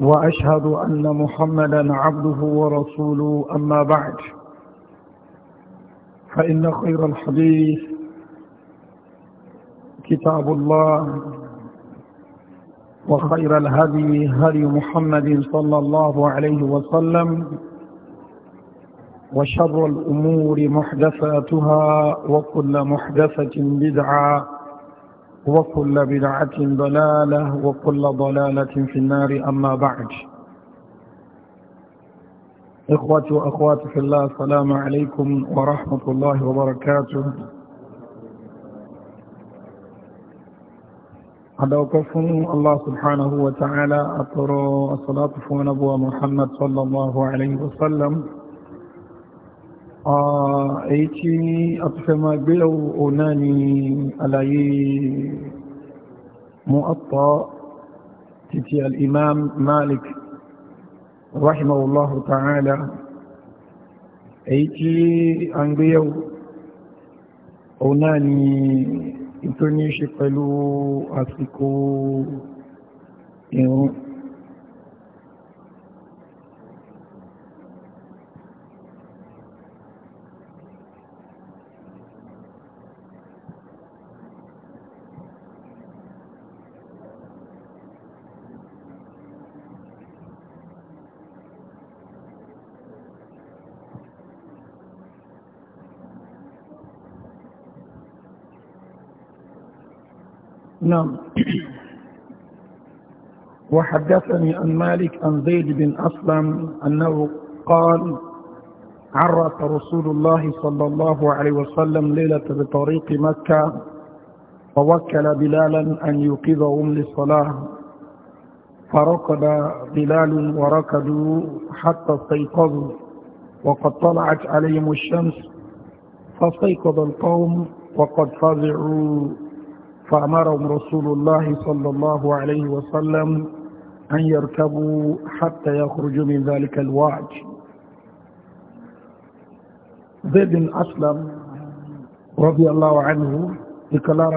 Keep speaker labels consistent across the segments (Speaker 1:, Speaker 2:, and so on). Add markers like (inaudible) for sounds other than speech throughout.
Speaker 1: وأشهد أن محمدا عبده ورسوله أما بعد فإن خير الحديث كتاب الله وخير الهدي هدي محمد صلى الله عليه وسلم وشر الأمور محدثاتها وكل محدثة بدعة وكل بدعة ضلالة وكل ضلالة في النار أما بعد إخوتي وأخواتي في الله السلام عليكم ورحمة الله وبركاته أدوكفم الله سبحانه وتعالى أطروا الصلاة فنبوة محمد صلى الله عليه وسلم èyí tí a ti fẹ́ máa gbé ọ̀wọ̀ náà ni àlàyé Muwatta títí al'imam Malik rahimahullahu ta'ala èyí tí a ń gbé ọ̀wọ̀ náà ni ìtò ní ṣe pẹ̀lú àsìkò ìrún نعم وحدثني عن مالك عن زيد بن أسلم أنه قال عرف رسول الله صلى الله عليه وسلم ليلة بطريق مكة فوكل بلالا أن يوقظهم للصلاة فركض بلال وركضوا حتى استيقظوا وقد طلعت عليهم الشمس فاستيقظ القوم وقد فزعوا فأمرهم رسول الله صلى الله عليه وسلم أن يركبوا حتى يخرجوا من ذلك الوعج زيد بن أسلم رضي الله عنه ذكر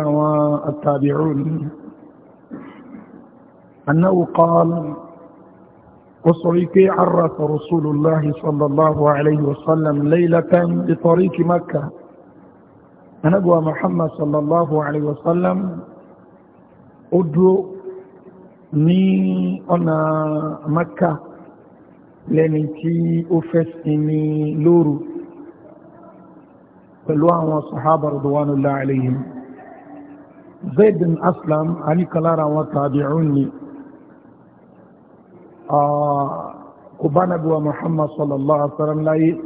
Speaker 1: التابعون أنه قال وصريكي عرف رسول الله صلى الله عليه وسلم ليلة بطريق مكة نبوة محمد صلى الله عليه وسلم أدو ني أنا مكة لأني أفسني لورو فلوان وصحابة رضوان الله عليهم زيد بن أسلم علي كلارا وتابعوني قبان آه، أبو محمد صلى الله عليه وسلم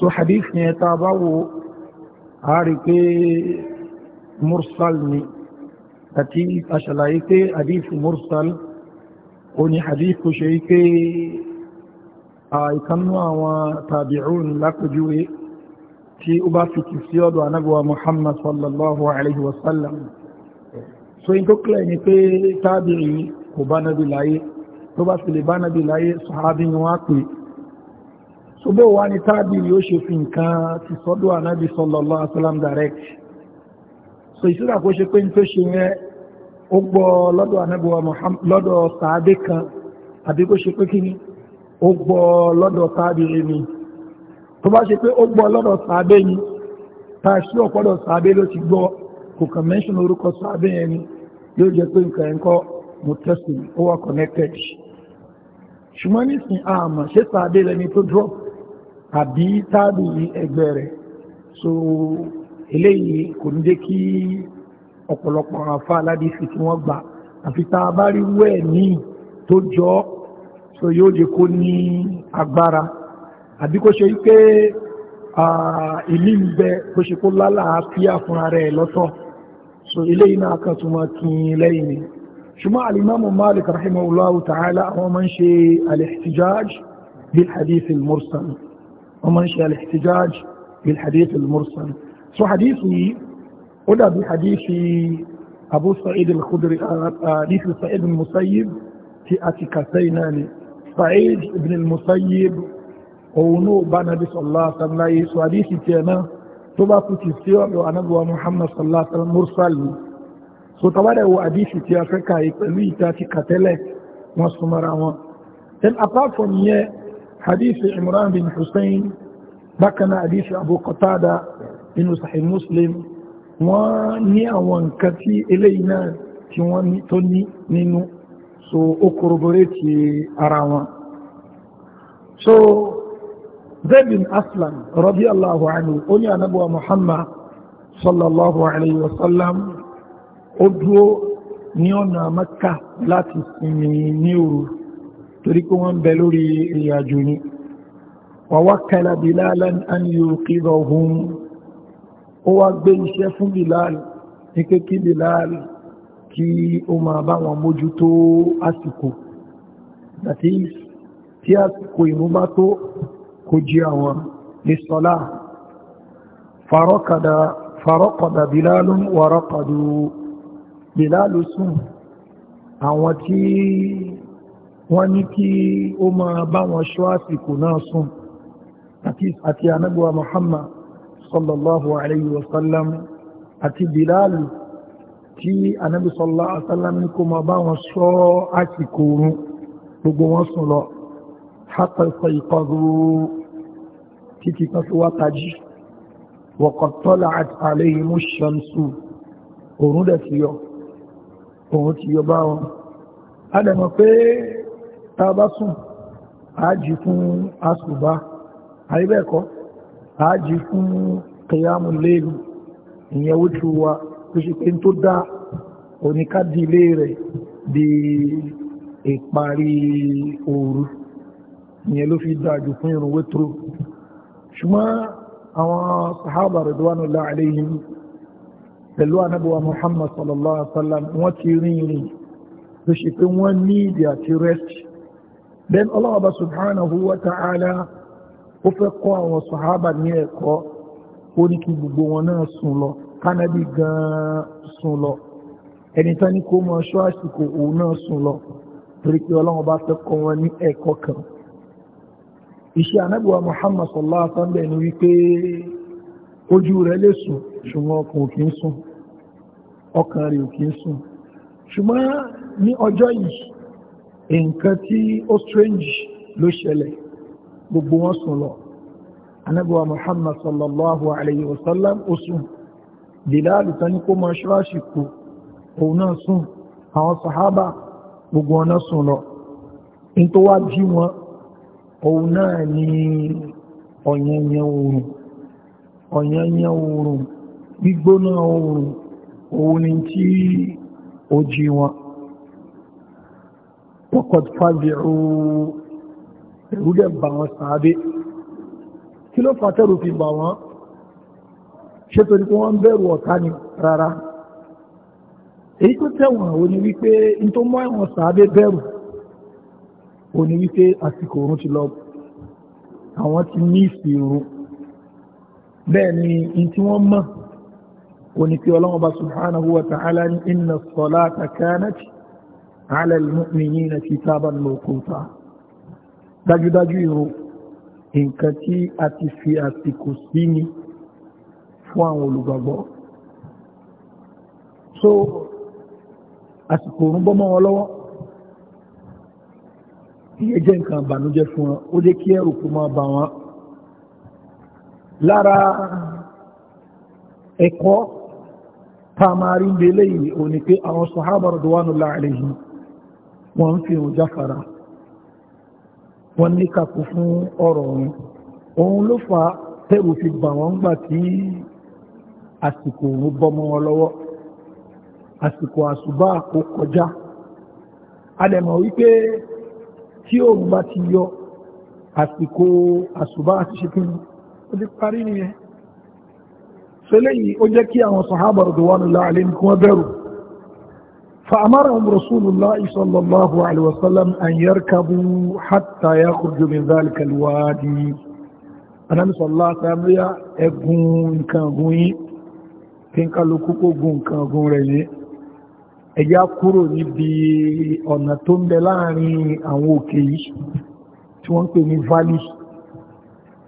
Speaker 1: سو حديث نيتابعو a rí pé mursal ni àti aṣàlàyé pé hadith mursal ó ní hadith kò ṣe pé àìkannú àwọn tabi'un lápẹjúwe tí ó bá fi kìí sí ọ̀dọ̀ anábíwa muhammad sallallahu alaihi wasallam so in tó ni pé tabi'i kò bá nábi láyé tó bá fi lè bá nábi láyé sahabi ni wọ́n pè ṣùgbọ́n so, wà ní tábìlì ó ṣe fi nǹkan ti sọ́dọ̀ ànábì sallallahu alaihi direct so ìṣúra kó ṣe pé ní tó ṣe yẹn ó gbọ́ lọ́dọ̀ ànábì wa Muhammad lọ́dọ̀ sàábé kan àbí kó ṣe pé kí ni ó gbọ́ lọ́dọ̀ sàábé ni tó bá ṣe pé ó gbọ́ lọ́dọ̀ sàábé ni tá a ṣí ọ̀pọ̀dọ̀ sàábé ló ti gbọ́ kò kàn mẹ́ṣin orúkọ sàábé yẹn ni yóò jẹ́ pé nǹkan ẹ̀ńkọ́ mo tẹ́sí ó wà connected ṣùgbọ́n nísìnyí àmọ̀ ṣé sàábé lẹni tó drop àbí tábì ẹgbẹ́ rẹ̀ so eléyìí kò ní jẹ́ kí ọ̀pọ̀lọpọ̀ àfa aládìsí tí wọ́n gbà àfi tá a bá rí wẹ́ẹ̀ míì tó jọ ọ́ so yóò lè kó ní agbára àbí kó ṣe pé ìlú ń bẹ kó ṣe kó lálàáfíà fúnra rẹ̀ lọ́tọ̀ so eléyìí náà kan túnmọ̀ kí n lẹ́yìn ni ṣùgbọ́n alimamu Malik rahimahullahu ta'ala àwọn máa ń ṣe al-ihtijaj bil hadith mursal wọ́n mọ́ ń ṣe al-ihtijaj bil hadith al-mursal so hadith yìí ó dàbí hadith abu sa'id al-khudri hadith sa'id al-musayyib tí a ti kàtẹ́ iná ni sa'id ibn al-musayyib òun náà bá nàbí sallallahu alaihi wasallam yìí so hadith tiẹ̀ náà tó bá kú ti sí ọ̀dọ̀ anábíwa muhammad sallallahu alaihi wasallam mursal ni so tabada wo hadisi tí a fẹ́ kàyí pẹ̀lú ìta ti kàtẹ́lẹ̀ wọn súnmọ́ra wọn then apart from yẹn حديث عمران بن حسين بكنا حديث أبو قتادة من صحيح مسلم وني أوان كتي إلينا تيواني توني نينو سو أكربريتي أراوان so Zayd bin Aslam radiyallahu anhu ó ní anabuwa Muhammad sallallahu alayhi wa sallam ó dúró ní ọ̀nà Mẹ́kà láti sinmi ní òru torí kó wọ́n bẹ lórí ìrìnàjò ni wa wakkala Bilalan an yuqidahum ó wá gbé iṣẹ́ fún Bilal ní pé kí Bilal kí ó máa bá wọn mójútó àsìkò àti tí àsìkò ìmúbá tó kò jí àwọn ní sọ́lá faraqada Bilalun wa raqadu Bilalu sùn àwọn tí wọ́n ní kí ó máa bá wọn ṣọ́ àsìkò náà sùn àti anábíwá Muhammad sallallahu alayhi wa sallam àti Bilalu tí anábí sallallahu alayhi wa sallam ní kó máa bá wọn ṣọ́ àsìkò oorun gbogbo wọn sùn lọ hatta sayqadhu títí kan fi wá tají wa qad tala'at alayhimu dẹ̀ ti yọ oorun ti yọ bá wọn. a pé tàbá sùn àájì fún asùbá àríbẹ̀ẹ̀kọ́ àájì fún kẹyàmù léèlú ìyẹn wótú wa tó ṣe pé tó dá oníkádì ilé rẹ̀ di ìparí òru ìyẹn ló fi dájú fún irun wétró ṣùgbọ́n àwọn sahaba ridwanullahi alayhim pẹ̀lú anábọ̀wà muhammad sallallahu alaihi wasallam wọ́n ti rí ìrìn tó ṣe pé wọ́n ní ìdí àti rẹ́sì then ọlọ́ọ̀bá subhanahu wa ta'ala ó fẹ́ kọ́ àwọn sọ̀hábà ní ẹ̀kọ́ ó ní kí gbogbo wọn náà sùn lọ kánábì gan-an sùn lọ ẹni tán ní kó mọ ṣọ́ àsìkò òun náà sùn lọ torí pé fẹ́ kọ́ wọn ní kan iṣẹ́ anábìwá muhammad sallallahu alaihi wa wípé ojú rẹ̀ lè sùn ṣùgbọ́n ọkàn nǹkan tí ó strange ló ṣẹlẹ̀ gbogbo wọn sùn lọ anábíwa muhammad sallallahu alayhi wa sallam ó sùn bilalu ta ní kó mọ́ ṣíwáṣì kú òun náà sùn àwọn sahaba gbogbo wọn náà sùn lọ in tó wá jí wọn òun náà ni ọ̀yẹnyẹ oòrùn ọ̀yẹnyẹ oòrùn gbígbóná oòrùn òun ni tí ó jí wọn pọ́kọ̀t fàájìrù ìrúdẹ̀ bà wọn sàábé kí ló fàtẹ́rù fi bà wọn ṣe torí pé wọ́n bẹ̀rù ọ̀tá ni rárá èyí tó tẹ̀wọ̀n ò ní wípé n tó mọ́ ẹ̀wọ̀n sàábé bẹ̀rù ò ní wípé àsìkò òun ti lọ àwọn ti ní ìsìnrú bẹ́ẹ̀ ni n tí wọ́n mọ̀ ò ní pé ọlọ́wọ́n bá subhanahu wa ta'ala ní inna salata kanati على المؤمنين كتابا موقوتا dájúdájú ìrun nǹkan tí a ti fi àsìkò sí ni fún àwọn olùgbàgbọ́ so àsìkò òun bọ́ mọ́ wọn lọ́wọ́ ìyẹn jẹ́ nǹkan àbànújẹ́ fún wọn ó jẹ́ kí ẹrù kó máa bà wọ́n lára ẹ̀kọ́ tá a máa rí ń belé yìí òní pé àwọn sàhábà radwanullahi alayhim wọ́n ń fi òun jáfara wọ́n ní kàkó fún ọ̀rọ̀ òun òun ló fa tẹ́rù fi bà wọ́n gbà tí àsìkò òun bọ́mọ wọn lọ́wọ́ àsìkò àsùbá kò kọjá a lè mọ̀ wípé tí òun bá ti yọ àsìkò àsùbá àti ṣekúnú ó ti parí nìyẹn so ó jẹ́ kí àwọn sàhábà radiyallahu anhum kí wọ́n bẹ̀rù فأمرهم رسول الله صلى الله عليه وسلم أن يركبوا حتى يخرجوا من ذلك الوادي أنا صلى الله عليه وسلم أقول كنغوي كنك لكوكو قول كنغوي ẹjá kúrò níbi ọ̀nà tó ń bẹ láàrin àwọn òkè yìí tí wọ́n ń pè ní valley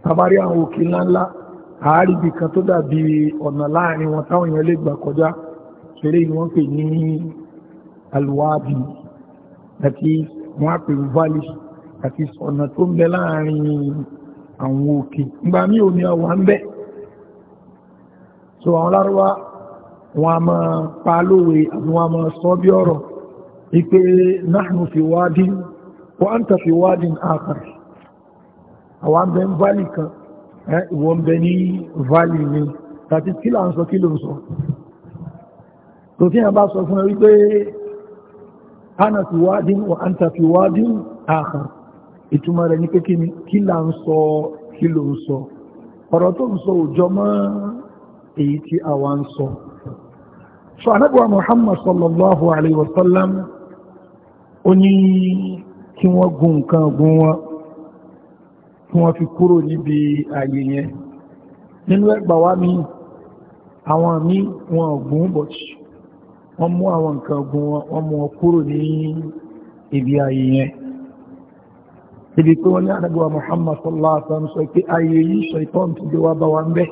Speaker 1: tabari àwọn òkè ńláńlá àárí kan tó dàbí ọ̀nà láàrin wọn táwọn èèyàn lè gbà kọjá ṣeré ni wọ́n pè ní alwadi àti wọ́n á pè valley àti ọ̀nà tó ń bẹ láàrin àwọn òkè nígbà mí omi ọwà ń bẹ so àwọn lárúwá wọn a máa pa lówe àti wọn a máa sọ bí ọ̀rọ̀ ipe nahnu fi wadin wa anta fi wadin akhar àwọn bẹ ń valley kan ìwọ̀n bẹ ní valley ni tàbí kí là ń sọ kí ló ń sọ tòfin àbá sọ fún ẹ wípé ana fi wádín wa an ta fi wádín àkàr ìtumọ̀ rẹ̀ ní pé ni kí là ń sọ kí ló ń sọ ọ̀rọ̀ tó ń sọ òjọ́ mọ́ èyí tí a wá so anábíwa muhammad sallallahu alaihi wasallam ó oni kí wọ́n gun nǹkan gun wọn kí wọ́n fi kúrò níbi ààyè yẹn nínú ẹgbàá wa mi àwọn mi wọn gun bọ̀tì wọ́n mú àwọn nǹkan ogun wọ́n mú wọn kúrò ní ibi ayé yẹn ibi tó wọ́n ní àdàgbà Muhammad sallallahu alaihi wasallam sọ pé ayé yìí ṣaitan ti dé wá bá wa ń bẹ́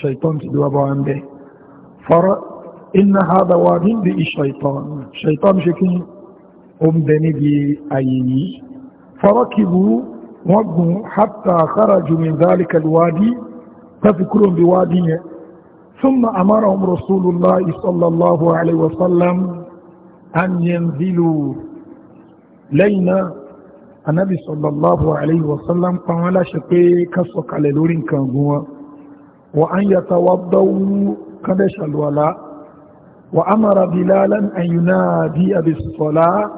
Speaker 1: ṣaitan ti dé wá bá wa ń bẹ́ fọ́rọ́ iná hada wa níbi ìṣaitan ṣaitan ṣe kí ó ń bẹ níbi ayé yìí ثم أمرهم رسول الله صلى الله عليه وسلم أن ينزلوا لينا النبي صلى الله عليه وسلم قال شقي كسوك على لورين كانوا وأن يتوضوا كدش الولاء وأمر بلالا أن ينادي بالصلاة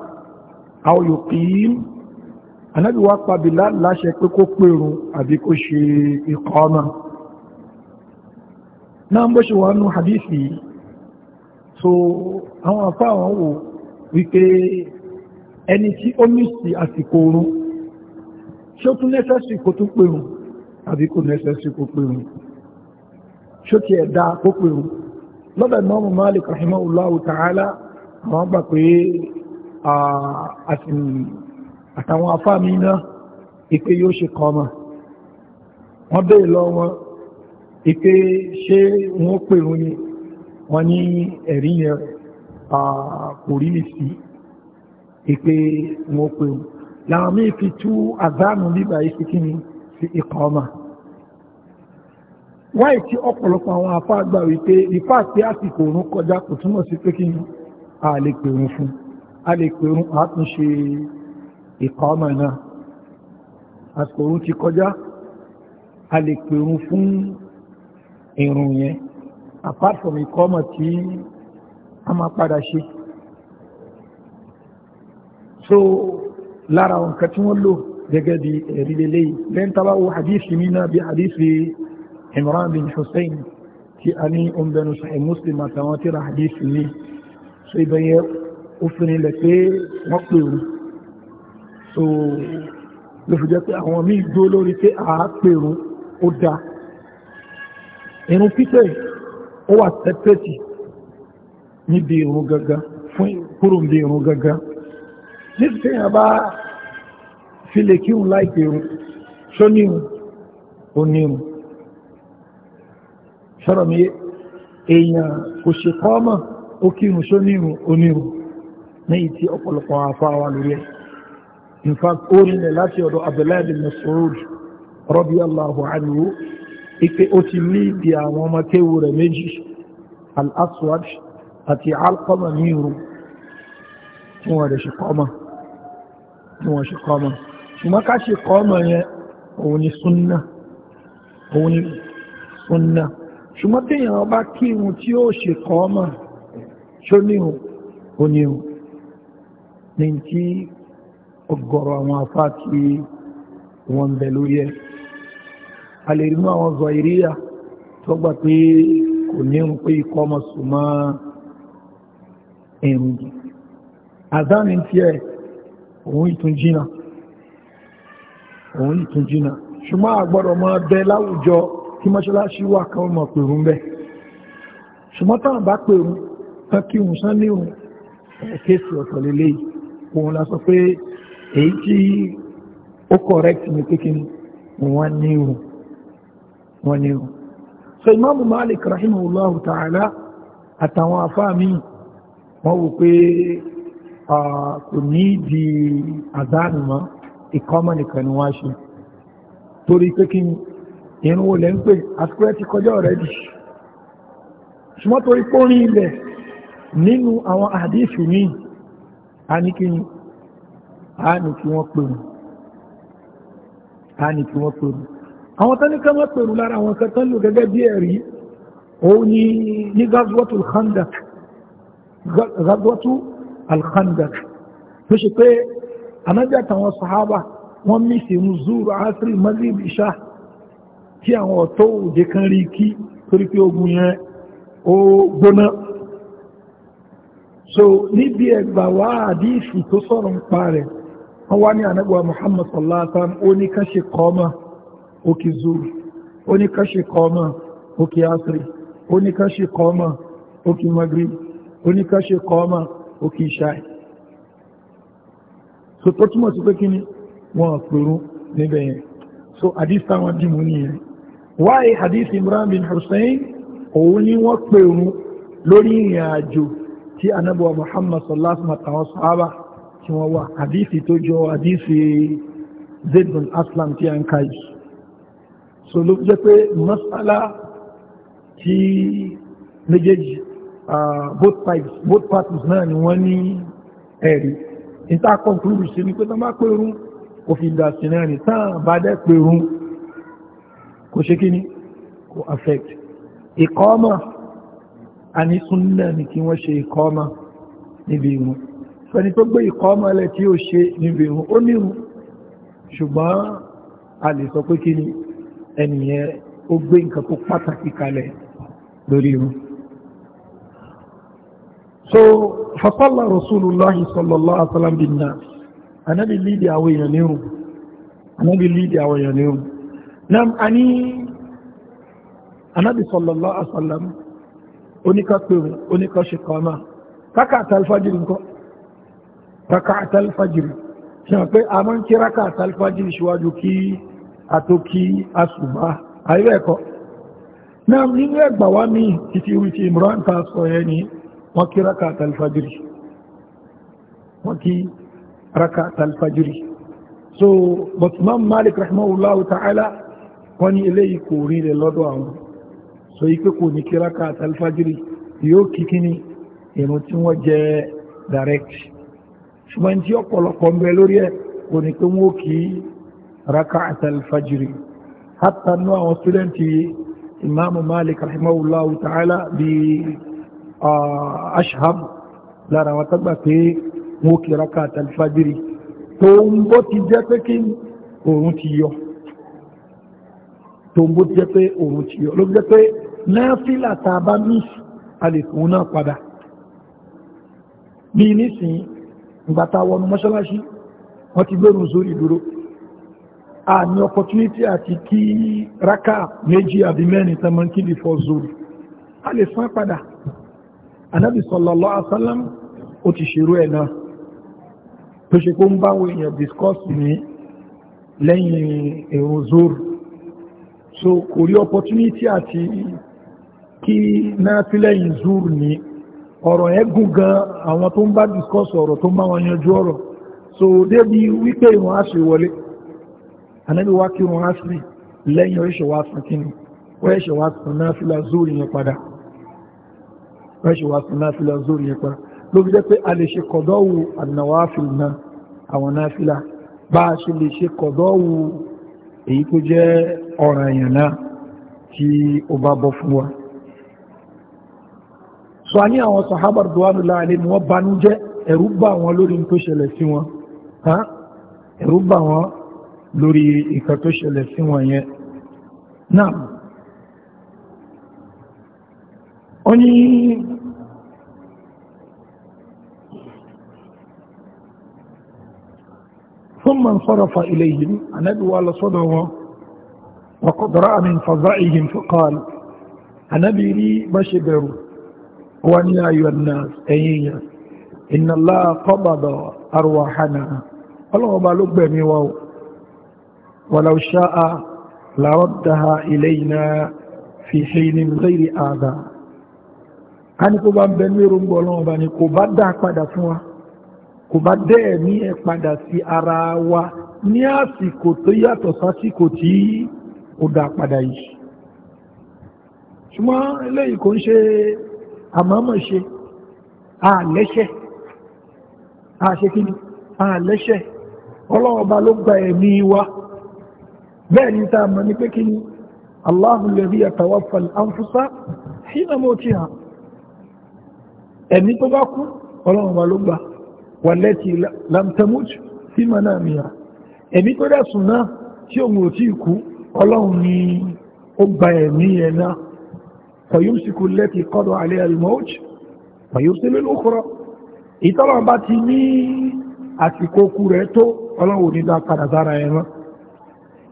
Speaker 1: أو يقيم النبي وقع بلال لا شقي كوكبيرو أبي كوشي إقامة náà bó ṣe wà nú hadithi so àwọn afá àwọn wò wípé ẹni tí ó mìsì àsìkò oorun ṣó tún nẹ́sẹ̀sì kó tún pèrún àbí kò nẹ́sẹ̀sì kó pèrún ṣó ti ẹ̀dá kó pèrún lọ́dọ̀ Imam Malik rahimahullahu ta'ala àwọn gbà pé àtàwọn afá mi náà ìpé yóò ṣe kọ́ ọmọ wọ́n bèèrè lọ wọn ìpé ṣé wọ́n pèrò ní wọ́n ní ẹ̀rí yẹn kò rí sí ìpé wọ́n pèrò láwọn mí fi tú àdánù bíbà ìsìnkíní sí ikọ̀ ọmọ wáyé tí ọ̀pọ̀lọpọ̀ àwọn afá gbà wípé ìfá àti àsìkò òun kọjá kò túmọ̀ sí pé kí a lè pèrún fún a lè pèrún àtúnṣe ìkọ̀ ọmọ náà àsìkò òun ti kọjá a lè pèrún fún irun yẹn apart from ìkọ́mọ̀ tí a máa padà ṣe so lára nǹkan tí wọ́n lò gẹ́gẹ́ bí ẹ̀rí lélẹ́ yìí lẹ́yìn tábà wo hadith mi náà bí hadith Imran bin Hussein tí a ní ọmọbẹ̀nu sahih Muslim àtàwọn tíra hadith mi so ìbẹ̀yẹ ó fi nílẹ̀ pé wọ́n pè wọ́n so ló jẹ́ pé àwọn míì dúró lórí pé àá pèrún ó dáa irun pípẹ́ ó wà sẹ́pẹ́tì níbi irun gangan fún kúrò níbi irun gangan nítorí àbá fílẹ̀ kí òun láìpẹ́ irun sóníhun oníhun sọ́rọ̀ mi èèyàn kò ṣe kọ́ ó kírun sóníhun oníhun ní ìtí ọ̀pọ̀lọpọ̀ àfáwà lórí ẹ̀ in fact ó ipe ó ti líìdì àwọn ọmọ kéwú rẹ̀ méjì al-aswad àti alkọ́mà ní irú tí wọ́n rẹ̀ ṣe kọ́mà tí wọ́n ṣe kọ́mà ṣùgbọ́n ká ṣe kọ́mà yẹn òun ni súnnà òun ni súnnà ṣùgbọ́n téèyàn bá kí irun tí ó ṣe kọ́mà ṣó ní irun ó ní irun ní tí ọ̀gọ̀rọ̀ àwọn afá tí wọ́n ń bẹ lórí ẹ̀ a lè rí inú àwọn zọ̀ìríyà tó gbà pé kò ní ń pé ikọ́ ọmọ súnmọ́ èrùngì àdáni tí ẹ òun ìtún jìnà òun ìtún jìnà ṣùgbọ́n àgbọ́dọ̀ máa bẹ láwùjọ tí mọ́ṣáláṣí wà kan mọ̀ pèrún bẹ́ ṣùgbọ́n táwọn bá pèrún tán kí òun sán ní òun kéèsì ọ̀tọ̀ lélẹ̀ òun la sọ pé èyí tí ó correct ní pé kí òun wá ní òun wọn ni o so imaamu malik rahimahullahu ta'ala àtàwọn afáàmì wọ́n wò pé kò ní di àdánù mọ́ ìkọ́mọ̀ nìkan ni wọ́n ṣe torí pé kí irun olè ń pè àsìkò ẹ ti kọjá ọ̀rẹ́ dì ṣùgbọ́n torí pé orin ilẹ̀ nínú àwọn àdéṣù ní a ní kí a ní kí wọ́n pè wọ́n àwọn tán ní ká má pèrú lára àwọn kan tán lò gẹ́gẹ́ bí ẹ̀rí òun ni ní gazwatu al-khandak gazwatu al-khandak tó ṣe pé anájà àtàwọn sahaba wọ́n mí sí ń zúrù asiri maghrib isha kí àwọn ọ̀tọ́ òde kan rí kí torí pé ogun yẹn ó gbóná so níbi ẹgbà wá àdífì tó sọ̀rọ̀ ń pa rẹ̀ wọ́n wá ní ànágbà muhammad sallallahu alaihi wasallam ó ní kán ṣe kọ́ máa òkè zuru ó ní káṣe kọmọ òkè asiri ó ní káṣe kọmọ òkè magri ó ní káṣe kọmọ òkè ìṣáì so tó túnmọ̀ sí pé kí ni wọ́n pèrún níbẹ̀ yẹn so hadith táwọn dìmú nìyẹn wáyé hadith Imran bin Hussein òun ni wọ́n pèrún lórí ìrìn àjò tí anábọ̀ Muhammad sallallahu alaihi wasallam sahaba tí wọ́n wà hadith tó jọ hadith Zaid Aslam tí a ń káyìí so ló jẹ́ pé masala tí méjèèjì both sides both parties náà ni wọ́n ní ẹ̀rí ìta conclude sí ni pé tán bá pèrún kò fi dà sí náà ni tán bá dẹ́ pèrún kò ṣe kí ni kò affect ìkọ́mà àní súnnà ni kí wọ́n ṣe ìkọ́mà níbi ìrun fẹni tó gbé ìkọ́mà lẹ̀ tí ó ṣe níbi ìrun ó nírun ṣùgbọ́n a lè sọ pé kí ni ẹnìyẹn ó gbé nǹkan tó pàtàkì kalẹ̀ lórí irun so fasalla rasulullah sallallahu alaihi wasallam bin nas anabi lídì àwọn èèyàn ní irun anabi lídì àwọn èèyàn ní irun nam ani anabi sallallahu alaihi wasallam oníkà pèrò oníkà ṣe kọ́mà kákàtà alfajiri nǹkan kákàtà alfajiri ṣe pé a máa ń kí rákàtà alfajiri ṣíwájú kí àtókí àṣùbá àríwẹ̀ẹ́kọ́ náà nínú ẹgbà wá ní títí orí ti Imran ta sọ ẹ ni wọ́n kí raka talfajiri wọ́n kí raka talfajiri so but Imam Malik rahimahullahu ta'ala wọ́n ní eléyìí kò rí rẹ̀ lọ́dọ̀ àwọn so ipé kò ní kí raka talfajiri yóò kíkí ni ìrùn tí wọ́n jẹ́ direct ṣùgbọ́n tí ọ̀pọ̀lọpọ̀ ń bẹ lórí ẹ̀ kò ní pé wọ́n kìí ركعة الفجر حتى أنه وستودنت إمام مالك رحمه الله تعالى بأشهر lára wọn tọ́gbà pé wọ́n kí rákà tàlfàjírí tó ń bó ti jẹ́ pé kí oòrùn ti yọ tó ń bó ti jẹ́ pé oòrùn ti yọ ló jẹ́ pé náfílà tá a bá mí alèkùn náà padà bí nísìnyí ìgbà tá a wọnú mọ́ṣáláṣí wọ́n ti gbé rùn sórí a ah, ní opportunity àti kí rákà méjì àbí mẹ́rin tán máa ń kí before zoro a lè san padà anábì sallallahu alaihi wasallam ó ti ṣerú ẹ̀ náà tó ṣe kó ń bá àwọn èèyàn discuss ní lẹ́yìn èrò zoro so kò rí opportunity àti kí náà fi lẹ́yìn zoro ní ọ̀rọ̀ ẹ̀ gùn gan àwọn tó ń bá discuss ọ̀rọ̀ tó ń bá wọn yanjú ọ̀rọ̀ so débi wípé ìwọ̀n á ṣe wọlé anábí wá kírun asiri lẹ́yìn oríṣẹ́ wá sàn kí ni oríṣẹ́ wá sàn náà fílà zóòrì yẹn padà oríṣẹ́ wá sàn náà fílà zóòrì yẹn padà ló fi jẹ́ pé a lè ṣe kọ̀dọ́wù ànàwáfìl náà àwọn náà fílà bá a ṣe lè ṣe kọ̀dọ́wù èyí tó jẹ́ ọ̀ràn èèyàn náà tí bà wọn lórí tó ṣẹlẹ̀ sí wọn ẹ̀rú bà wọn lórí ìkan tó ṣẹlẹ̀ sí wọn yẹn náà ó ní ثم انصرف إليهم النبي على صدره وقد رأى من فزعهم فقال النبي لي بشبر وأن أيها الناس أيها إن الله قبض أرواحنا الله ما لبني واو ولو شاء لردها إلينا في حين غير آذى ani kó bá ń bẹ ní ròǹgbò ọlọ́run bá ní kó bá dá padà fún wa kó bá dẹ́ ní ẹ padà sí ara wa ní àsìkò tó yàtọ̀ sásìkò tí ó dá padà yìí ṣùgbọ́n eléyìí kò ń ṣe àmọ́mọ̀ àlẹ́ṣẹ̀ àṣekínì àlẹ́ṣẹ̀ ọlọ́run ló gba ẹ̀mí wa bẹ́ẹ̀ ni tá a mọ̀ ní pé kí ni Allahu alladhi yatawaffa al-anfusa hina mawtiha ẹ̀mí tó bá kú ọlọ́run wa ló gbà wallati lam tamut fi manamiha ẹ̀mí tó dẹ̀ sùn náà tí òun ò tí kú ọlọ́run ni ó gba ẹ̀mí ní àsìkò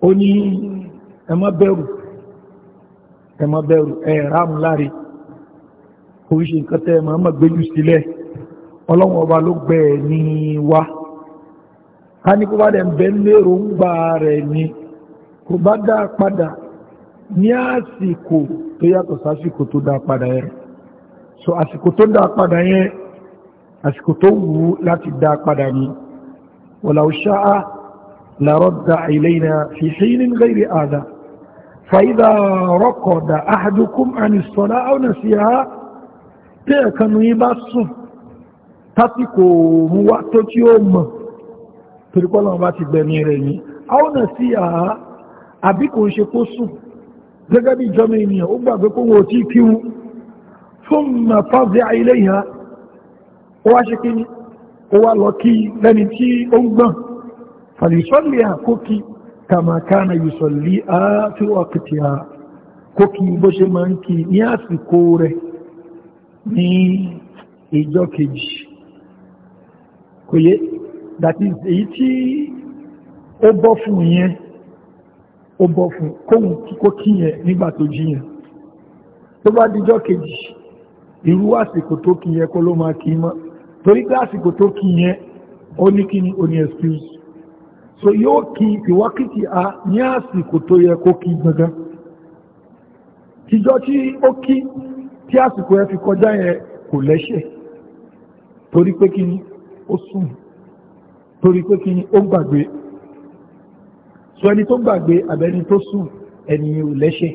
Speaker 1: ó ní ẹ má bẹ̀rù ẹ má bẹ̀rù ẹ̀ráàmù láre kò ń ṣe nǹkan tẹ́ ẹ máa gbéjú sílẹ̀ ọlọ́run ọba ló gbẹ̀ ní wá ká ní kó bá dẹ̀ ń lérò ń gbà rẹ̀ ni kò bá dá padà ní àsìkò tó yàtọ̀ sásìkò tó dá padà yẹn so àsìkò tó dá padà yẹn àsìkò tó wù láti dá padà ni wọ̀là òṣáà لرد إلينا في حين غير آذى فإذا رقد أحدكم عن الصلاة أو نسيها تأكن يبصف تاتيكو مواتوت يوم تلقوا الله باتي بنيريني أو نسيها أبيكو شكو صف gẹ́gẹ́ bí ìjọba ènìyàn ó gbàgbé kó wọ́n tí kí لكي fún mọ̀fáàzí àìlẹ́yìn fàlìsọ́lẹ̀ àkókí kàmàkánà ìsọ̀lì àfíwàkìtì à kókí bó ṣe máa ń kí ní àsìkò rẹ̀ ní ìjọ kejì kò yé that is èyí tí ó bọ́ fún yẹn ó bọ́ fún kóhun kókí yẹn nígbà tó jí yẹn tó bá díjọ́ kejì irú àsìkò tó kí yẹn kó ló máa kí mọ́ torí pé àsìkò tó kí yẹn ó ní kí ni ó ní excuse so yóò kí ìwákìtì a ní àsìkò tó yẹ kó kí gangan ìjọ tí ó kí tí àsìkò ẹ fi kọjá yẹn kò lẹ́ṣẹ̀ torí pé kí ni ó sùn torí pé kí ó gbàgbé so ẹni tó gbàgbé àbẹ́ni tó sùn ẹni ò lẹ́ṣẹ̀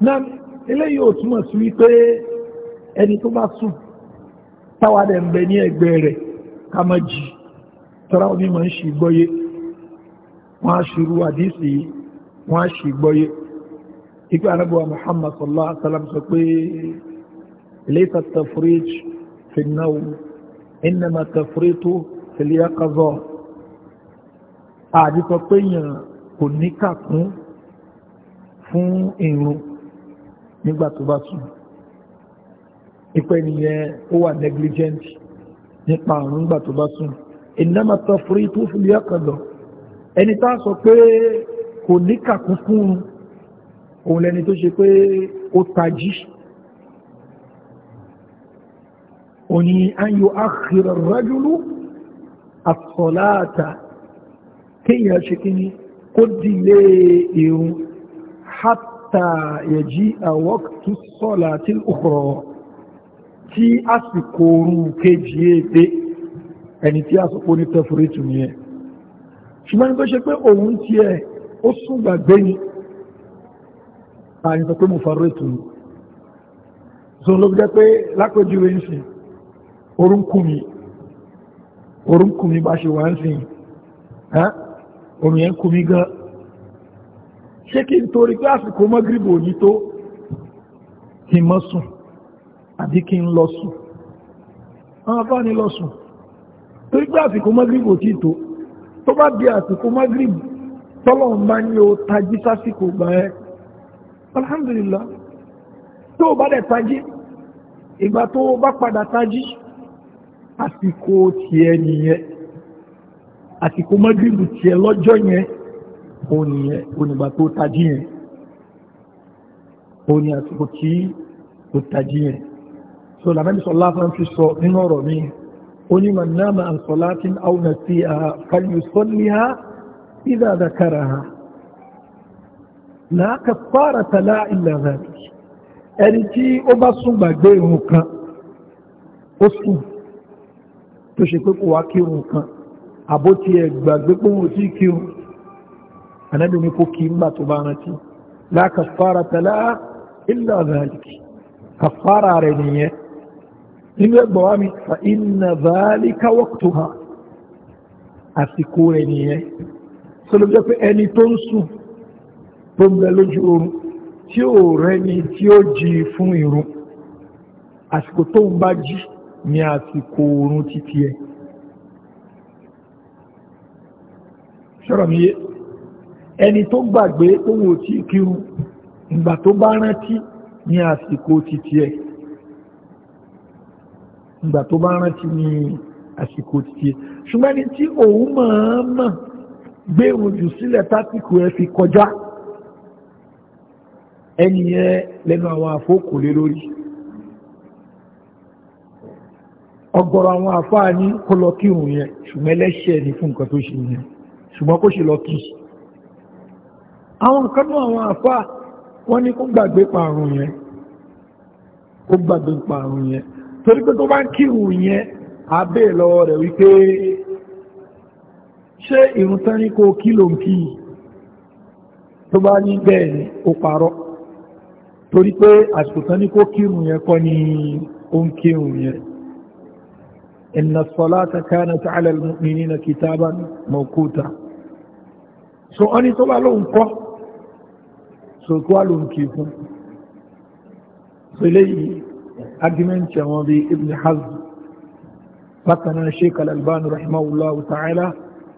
Speaker 1: náà eléyìí ò túmọ̀ sí wípé ẹni tó bá sùn táwa dẹ̀ ń bẹ ní ẹgbẹ́ rẹ̀ ká tọ́rá onímọ̀ ń ṣì gbọ́yé wọ́n á ṣirú àdísì wọ́n á ṣì gbọ́yé ikú anábọ̀wà Muhammad sallallahu alaihi wasallam sọ pé laysa tafrij fi an-nawm innama tafritu fil yaqaza àdísọ pé yàn kò ní kàkún fún ìrun nígbà ipẹ́ nìyẹn ó wà negligent nípa àrùn nígbà ìnáma tọfúrí tó fìlú ẹ̀kọ̀dọ̀ ẹni tá sọ pé kò ní kàkún fún òun lẹni tó ṣe pé ó tají òní ayò àkìrà rájúlú àtọ̀láàtà kíyàn ṣe kí ni kó dìlé ìrun hátà yẹjí àwọ́kùtù sọ́lá tí ó kọ̀rọ̀ tí àsìkò oorun kejì èdè ẹni tí a sọ pé ó ní perforate ní ẹ ṣùgbọ́n ní tó ṣe pé òun ti ẹ ó sún gbàgbé ni àyìn sọ pé mo farò ètò yìí so ló jẹ́ pé lápẹjúwe ń sìn orúnkún mi bá ṣe wà ń sìn omi ẹ̀ gan ṣé kí n torí pé àsìkò mọ́gìrìbò ní tó kí n mọ́ sùn àbí kí n lọ sùn àwọn afáàní lọ sùn torí pé àsìkò magrib ò tí tó tó bá di àsìkò magrib tọ́lọ̀ ń bá ní tají sásìkò gbà ẹ́ alhamdulillah tó o bá dẹ̀ tají ìgbà tó o bá padà tají àsìkò tiẹ̀ nìyẹn àsìkò magrib tiẹ̀ lọ́jọ́ yẹn ó nìyẹn onígbà tó tají yẹn ó ní àsìkò tí ó tají yẹn so làbẹ́bí sọ láfáà fi sọ nínú ọ̀rọ̀ mi من نام عن صلاة أو نسيئها فليصلها إذا ذكرها لا كفارة لا إلا ذلك أريكي أبصوا بقيرك أصوا تشكك واكيرك أبوتي أبقى بوتيكي أنا دميكو كيمة تبانتي لا كفارة لا إلا ذلك كفارة رنيه nínú ẹgbọ̀ wá mi fa inna dhalika waqtuha àsìkò rẹ̀ nìyẹn tó ló jẹ́ pé ẹni tó ń sùn tó ń bẹ lójú oorun tí ó rẹni tí ó jí fún irun àsìkò tó ń bá jí ní àsìkò oorun títí ẹ ṣọ́rọ̀ ẹni tó gbàgbé owó tí kírun ìgbà tó bá rántí ní àsìkò títí ẹ ìgbà tó bá rántí ní àsìkò títí ṣùgbọ́n ní tí òun máa mọ̀ gbé òun jù sílẹ̀ tásìkò ẹ fi kọjá ẹni yẹn lẹ́nu àwọn àfókò lé lórí ọ̀gọ̀rọ̀ àwọn àfáà ní kó lọ kí òun yẹn ṣùgbọ́n ẹlẹ́ṣẹ̀ ni fún nǹkan tó ṣe yẹn ṣùgbọ́n kó ṣe lọ kí àwọn nǹkan náà àwọn àfáà wọ́n ní kó gbàgbé pààrùn yẹn kó gbàgbé pààrùn yẹn torí pé tó bá ń kírun yẹn abẹ́ lọ́wọ́ rẹ̀ wípé ṣé ìrun tán ní kó kí ló ń kí tó bá ní bẹ́ẹ̀ ni ó parọ́ torí pé àsìkò tán kó kírun yẹn kọ́ ni ó ń kírun yẹn inna salata kanat ala al-mu'minina kitaban mawquta so oni tó bá lóhun kọ́ so tó wá lóhun kì í fún so eléyìí agimẹ́ntì àwọn bíi ibn hazm bákanáà sheik al-albani rahimahullahu ta'ala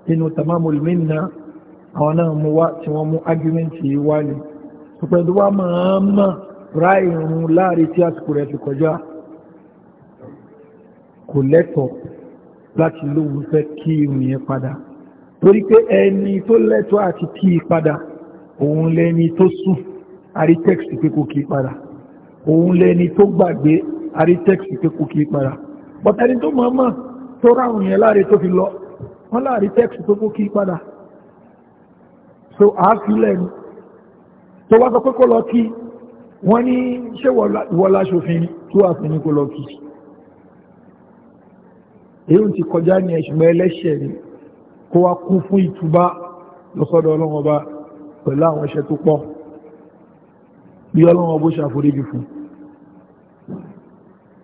Speaker 1: nínú tamamul minna àwọn náà mú wá tí wọ́n mú agimẹ́ntì yìí wálé pẹ̀lú wá máa ń mọ̀ ráì rún láàrin tí àsìkò rẹ̀ ti kọjá kò lẹ́tọ̀ọ́ láti lóhun fẹ́ kí irun yẹn padà torí pé ẹni tó lẹ́tọ̀ọ́ àti kí i òun lẹni tó sùn àrí tẹ́kìtì pé kò kí i òun lẹni tó gbàgbé arítẹ́kì pé kò kí para bọ́tà ẹni tó máa máa tó ráhùn yẹn láre tó fi lọ wọ́n láàrí tó kó kí padà so àáfilẹ̀ ni tó wá sọ pé kó lọ kí wọ́n ní ṣé wọ́lá ṣòfin tó àfin ní kó lọ kí èyí ti kọjá ní ẹ̀ṣùgbọ́n ẹlẹ́ṣẹ̀ ni kó wá kú fún ìtúbá lọ́sọ́dọ̀ ọlọ́wọ́n bá pẹ̀lú àwọn iṣẹ́ tó pọ̀ bí ọlọ́wọ́n bó ṣàforíjì fún un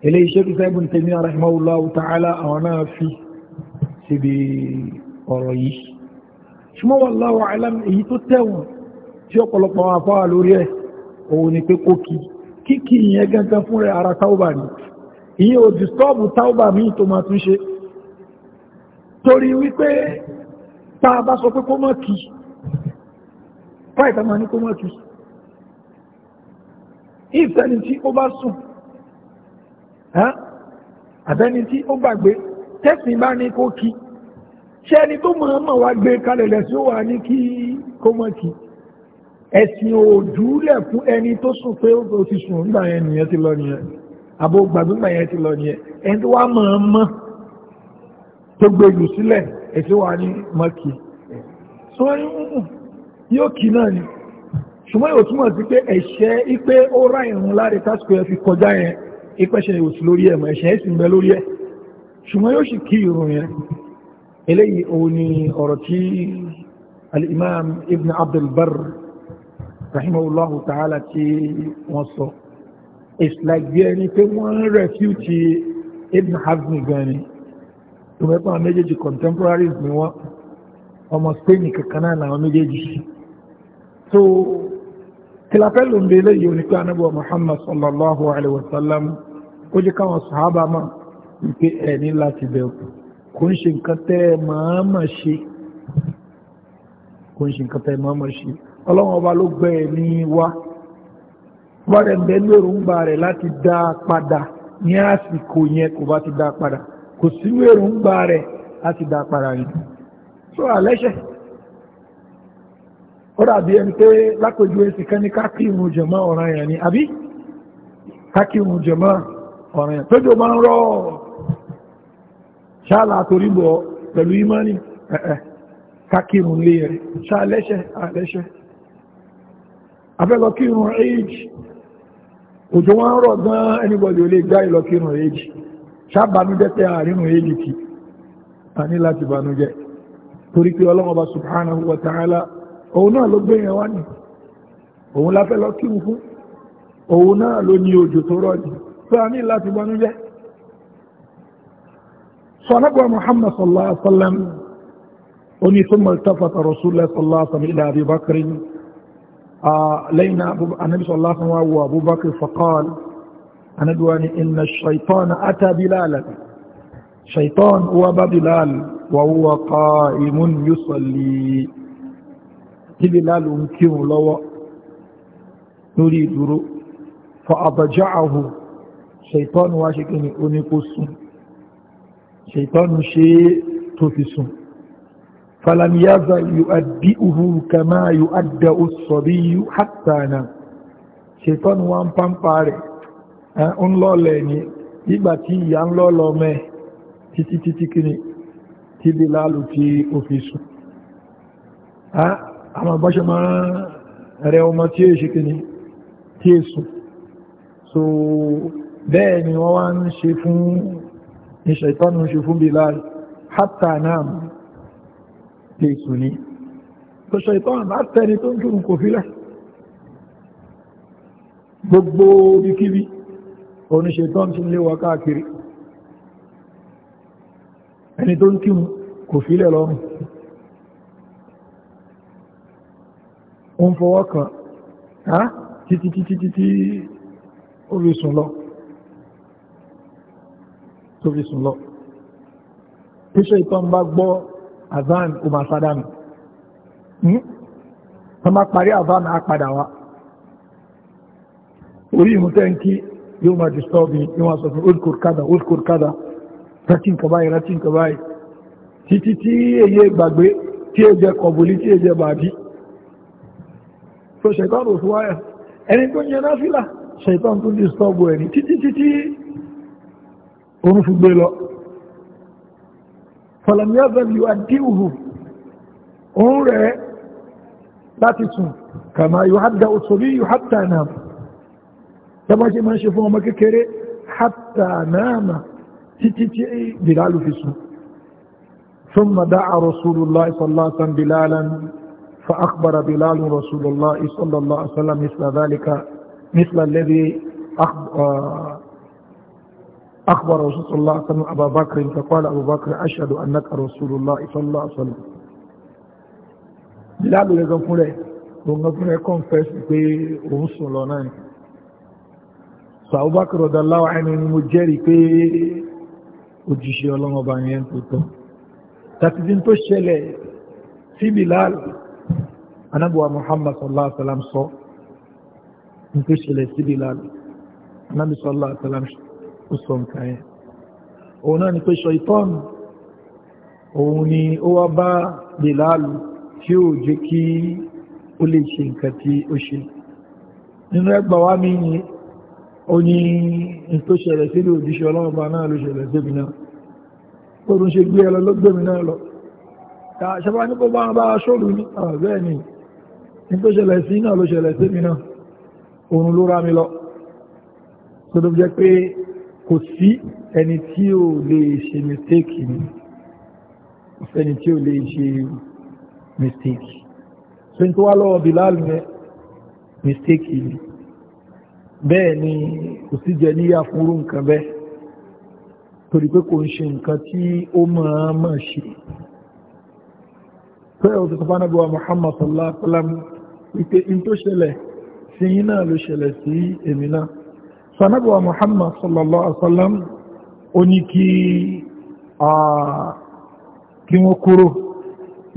Speaker 1: ilé iṣẹ́ tó fẹ́ bùn tèmi rahimahullahu ta'ala àwọn náà fi síbi ọ̀rọ̀ yìí ṣùgbọ́n wallahu a'lam èyí tó tẹ̀wọ̀n tí ọ̀pọ̀lọpọ̀ àwọn afáwà lórí ẹ̀ òun ni pé kókì kíkì ìyẹn gangan fún rẹ̀ ara táwùbà ni ìyẹn ò dìstọ́ọ̀bù táwùbà míì tó máa tún ṣe torí wípé tá a bá sọ pé kó mọ̀ kì fáìtà máa ní kó mọ̀ kì ìfẹ́ni tí ó bá sùn àbẹ́ni tí ó gbàgbé tẹ́sìn bá ní kó kí ṣe ẹni tó mọ̀ mọ̀ wá gbé kalẹ̀lẹ̀ sí ó wà ní kí kó mọ̀ kí ẹ̀sìn òjúlẹ̀ fún ẹni tó sùn pé ó ti sùn nígbà yẹn nìyẹn ti lọ nìyẹn àbò gbàgbégbà yẹn ti lọ nìyẹn ẹni tó wá mọ̀ mọ̀ tó gbé jù sílẹ̀ ẹ̀sìn wà ní mọ̀ kí sọ yóò kí náà ni ṣùgbọ́n yóò túmọ̀ sí pé ẹ̀ṣẹ̀ ipé ó ráyìn láre tásìkò yẹn fi kọjá yẹn ìpẹ́ṣẹ̀ ìwòsù lórí ẹ̀mọ̀ ẹ̀ṣẹ̀ ẹ̀sìn ń bẹ lórí ẹ̀ ṣùgbọ́n yóò sì kí ìrùn yẹn eléyìí òun ni ọ̀rọ̀ tí al-imam ibn abdulbar rahimahullahu ta'ala tí wọ́n sọ it's like bí ẹni pé wọ́n rẹ̀fútì ibn hazmi gan ni tó mẹ́pọ̀ méjèèjì contemporaries ni wọ́n ọmọ spain so kìláfẹ́ lòun dé eléyìí onípe anábọ̀ muhammad sallallahu alaihi wasallam ó jẹ́ káwọn sàábà máa wípé ẹ̀ ní láti bẹ̀rù kò ń ṣe nǹkan tẹ́ ẹ máa mà ṣe kò ń ṣe nǹkan tẹ́ ẹ máa mà ṣe ọlọ́wọ́n ọba ló gbẹ́ ẹ̀ ní wá wọ́n rẹ̀ ń bẹ lóru ń gba rẹ̀ láti dá a padà ní àsìkò yẹn kò bá ti dá padà kò sí wẹ́rù ń gba rẹ̀ láti dá padà yìí tó àlẹ́ṣẹ̀ ó dàbí ẹni pé lápèjú ẹsì kan ní kákìrún jẹ̀mọ́ ọ̀ràn yẹn ni àbí kákìrún jẹ̀mọ́ ọ̀ràn ọ̀rìn ma máa ń rọ́ ṣáàlà àtòrígbọ̀ pẹ̀lú imani ẹ̀ẹ̀ kakirun lè rẹ̀ ṣáàlẹ́ṣẹ́ àlẹ́ṣẹ́ afẹ́lọ kírun age òjò wọ́n rọ̀ gan anybody o lè gbá ìlọ kírun age ṣáàbánújẹ́ tẹ́ àrírun age kì a ní láti bánújẹ́ torí pé ọlọ́mọba subhanahu wa ta'ala sọ àní láti banújẹ́ sọ̀nàbọ̀ muhammad sallallahu alaihi wasallam oní thumma iltafata rasulullah sallallahu alaihi wasallam ila abi bakr lẹ́yìn anábi sallallahu alaihi wasallam wa abu bakr faqal anábi wa ni inna shaitan ata bilal shaitan wa ba bilal wa huwa qa'imun yusalli tí bilal ń kírun lọ́wọ́ lórí ìdúró fa abaja'ahu ṣètọ́nù wá ṣe kí ni ó ní kó sùn ṣètọ́nù ṣe tó fi sùn falamiyaza yu'addi'uhu kama yu'adda'u as-sabiyyu hatta náà ṣètọ́nù wá ń pàǹpà rẹ̀ ń lọ́lẹ̀ ní nígbà tí ìyá ń lọ́lọ́ mẹ́ títí títí kí ni tí bí lálù tí ó fi sùn àmà bọ́ṣẹ́ máa rẹ ọmọ tí ó ṣe kí ni tí è sùn so bẹ́ẹ̀ ni wọ́n wá ń ṣe fún iṣẹ́ ìtọ́nù ṣe fún Bilal hátà náà lè sùn ní tó ṣe ìtọ́nù bá tẹni tó ń kírun kò fílẹ̀ gbogbo bíkíbi oníṣẹ́ ìtọ́nù ti lé wa káàkiri ẹni tó ń kírun kò fílẹ̀ lọ́rùn ó ń fọwọ́ kan títí títí títí ó fi sùn lọ tó fi sùn lọ píṣẹ́ ìtàn bá gbọ́ azan ó máa sádánù hmm? wọ́n máa parí azan á padà wá orí ìmútẹ́ǹkì yóò máa disturb mi yóò máa sọ fún olùkòrò kádà olùkòrò kádà rántí nǹkan báyìí rántí nǹkan báyìí títí tí èyí gbàgbé tí ó jẹ kọ̀bùlí tí ó jẹ bàbí so ṣẹ̀tàn òfúwáyà ẹni tó ń yẹ náà fílà ṣẹ̀tàn tó disturb ẹni títí títí òun fi gbé lọ fọlọmíọ́bẹ̀lì àdíhù òun rẹ̀ láti sùn kàmà yóò hádà òsòrí yóò hátà náà tẹ́bọ́n ṣe máa ń ṣe fún ọmọ kékeré hátà náà títí tí bìlálù fi sùn ثم دعا رسول الله صلى أخبر رسول الله صلى الله عليه وسلم أبا بكر فقال أبو بكر أشهد أنك رسول الله صلى الله عليه وسلم بلال لغم فلي لغم فلي confess pé òun sùn lọ náà so Abu Bakr radallahu anhu ni mo jẹ́rìí pé òjìṣẹ́ ọlọ́run ọba yẹn tó tọ́ tàtìdín tó ṣẹlẹ̀ sí Bilal anábùwà Muhammad sallallahu alaihi wasallam sọ ní tó ṣẹlẹ̀ sí Bilal anábì sallallahu alaihi wasallam sọ ó sọ nǹkan ẹ̀ òun náà ni pé ṣaitan òun ni ó wá bá Bìláàlù tí ó jẹ́ kí ó lè ṣe nǹkan tí ó ṣe nínú ẹgbà wá mi ni ó ní tó ṣẹlẹ̀ sílé òjíṣẹ́ ọlọ́ọ̀bá náà ló ṣẹlẹ̀ sí mi náà tó tún ṣe gbé ẹ lọ ló gbé mi náà lọ ṣẹba ní kó bá ń bá aṣọ́lù ní àbẹ́ẹ̀ ni ah, ní tó ṣẹlẹ̀ sí náà ló ṣẹlẹ̀ sí mi náà òun ló rá mi lọ tó tó jẹ́ pé kò sí ẹni tí ó lè ṣe mistake ni kò sí ẹni tí ó lè ṣe mistake so n tó wá lọ́wọ́ Bilal yẹn mistake ni bẹ́ẹ̀ ni kò sí jẹ níyà fúnrú nǹkan bẹ́ẹ̀ torí pé kò ń ṣe nǹkan tí ó máa máa ṣe pẹ́ẹ̀ òtún tó bá wa Muhammad sallallahu alaihi wa sallam wípé in tó ṣẹlẹ̀ sí yín ló ṣẹlẹ̀ sí èmi náà sanabuwa muhammad sallallahu alaihi wasallam ó ní kí kí wọ́n kúrò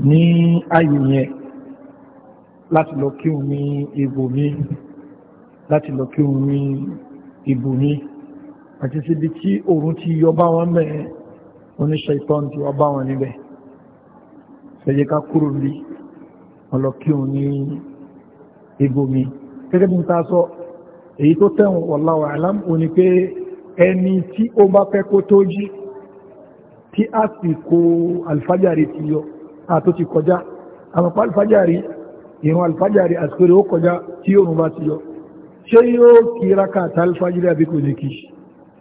Speaker 1: ní ayé yẹn láti lọ kí òun ní ibòmí láti lọ kí òun ní ibòmí àti síbi tí òun ti yọ bá wọn mẹ́rin oníṣẹ́ ìtọ́n tí wọ́n bá wọn níbẹ̀ ṣẹ̀yẹ ká kúrò ní ọlọ́kí òun ní ibòmí gẹ́gẹ́ bí n ta sọ èyí tó tẹ̀wọ̀n wallahu alam ó ní pé ẹni tí ó bá fẹ́ kó tó jí tí àsìkò alfajari ti yọ àtó ti kọjá àmọ́pá alfajari ìrun alfajari àsìkò rẹ̀ ó kọjá tí òun bá ti yọ ṣé yóò kí rákàtà alfajari àbí kò ní kí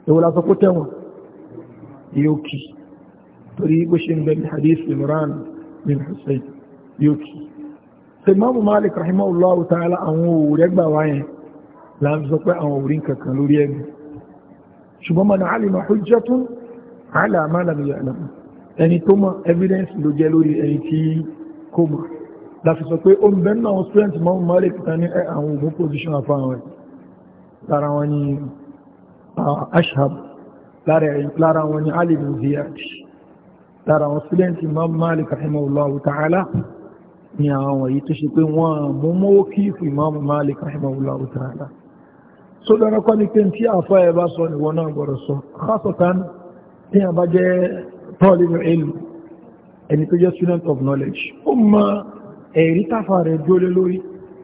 Speaker 1: èwo la sọ kó tẹ̀wọ̀n yóò kí torí bó ṣe ń bẹ̀rẹ̀ hadith Imran bin Hussein yóò kí sèmáàmù Malik rahimahullahu ta'ala àwọn òwúrẹ́gbà wáyẹn láàrín sọ pé àwọn orí kankan lórí ẹ̀mí ṣùgbọ́n mọ̀nà alìmọ̀ hujjatun ala ma lam ya'lam ẹni tó mọ̀ evidence ló jẹ́ lórí ẹni tí kò mọ̀ láti sọ pé o ń bẹ́ náà student mọ́ mọ́lẹ̀ pìtà ní àwọn òmú position àfáwọn ẹ̀ lára ni àwọn èyí tó ṣe pé wọ́n mú mọ́ kí fún Imam Malik rahimahullah ta'ala tó dára kọ́ ní pé tí àfá ẹ so sọ ìwọ náà gbọ́dọ̀ sọ khasatan tí a bá jẹ́ tọ́lìmù ilm ẹni tó jẹ́ student of knowledge ó ma ẹ̀rí tàfà rẹ̀ jólé lórí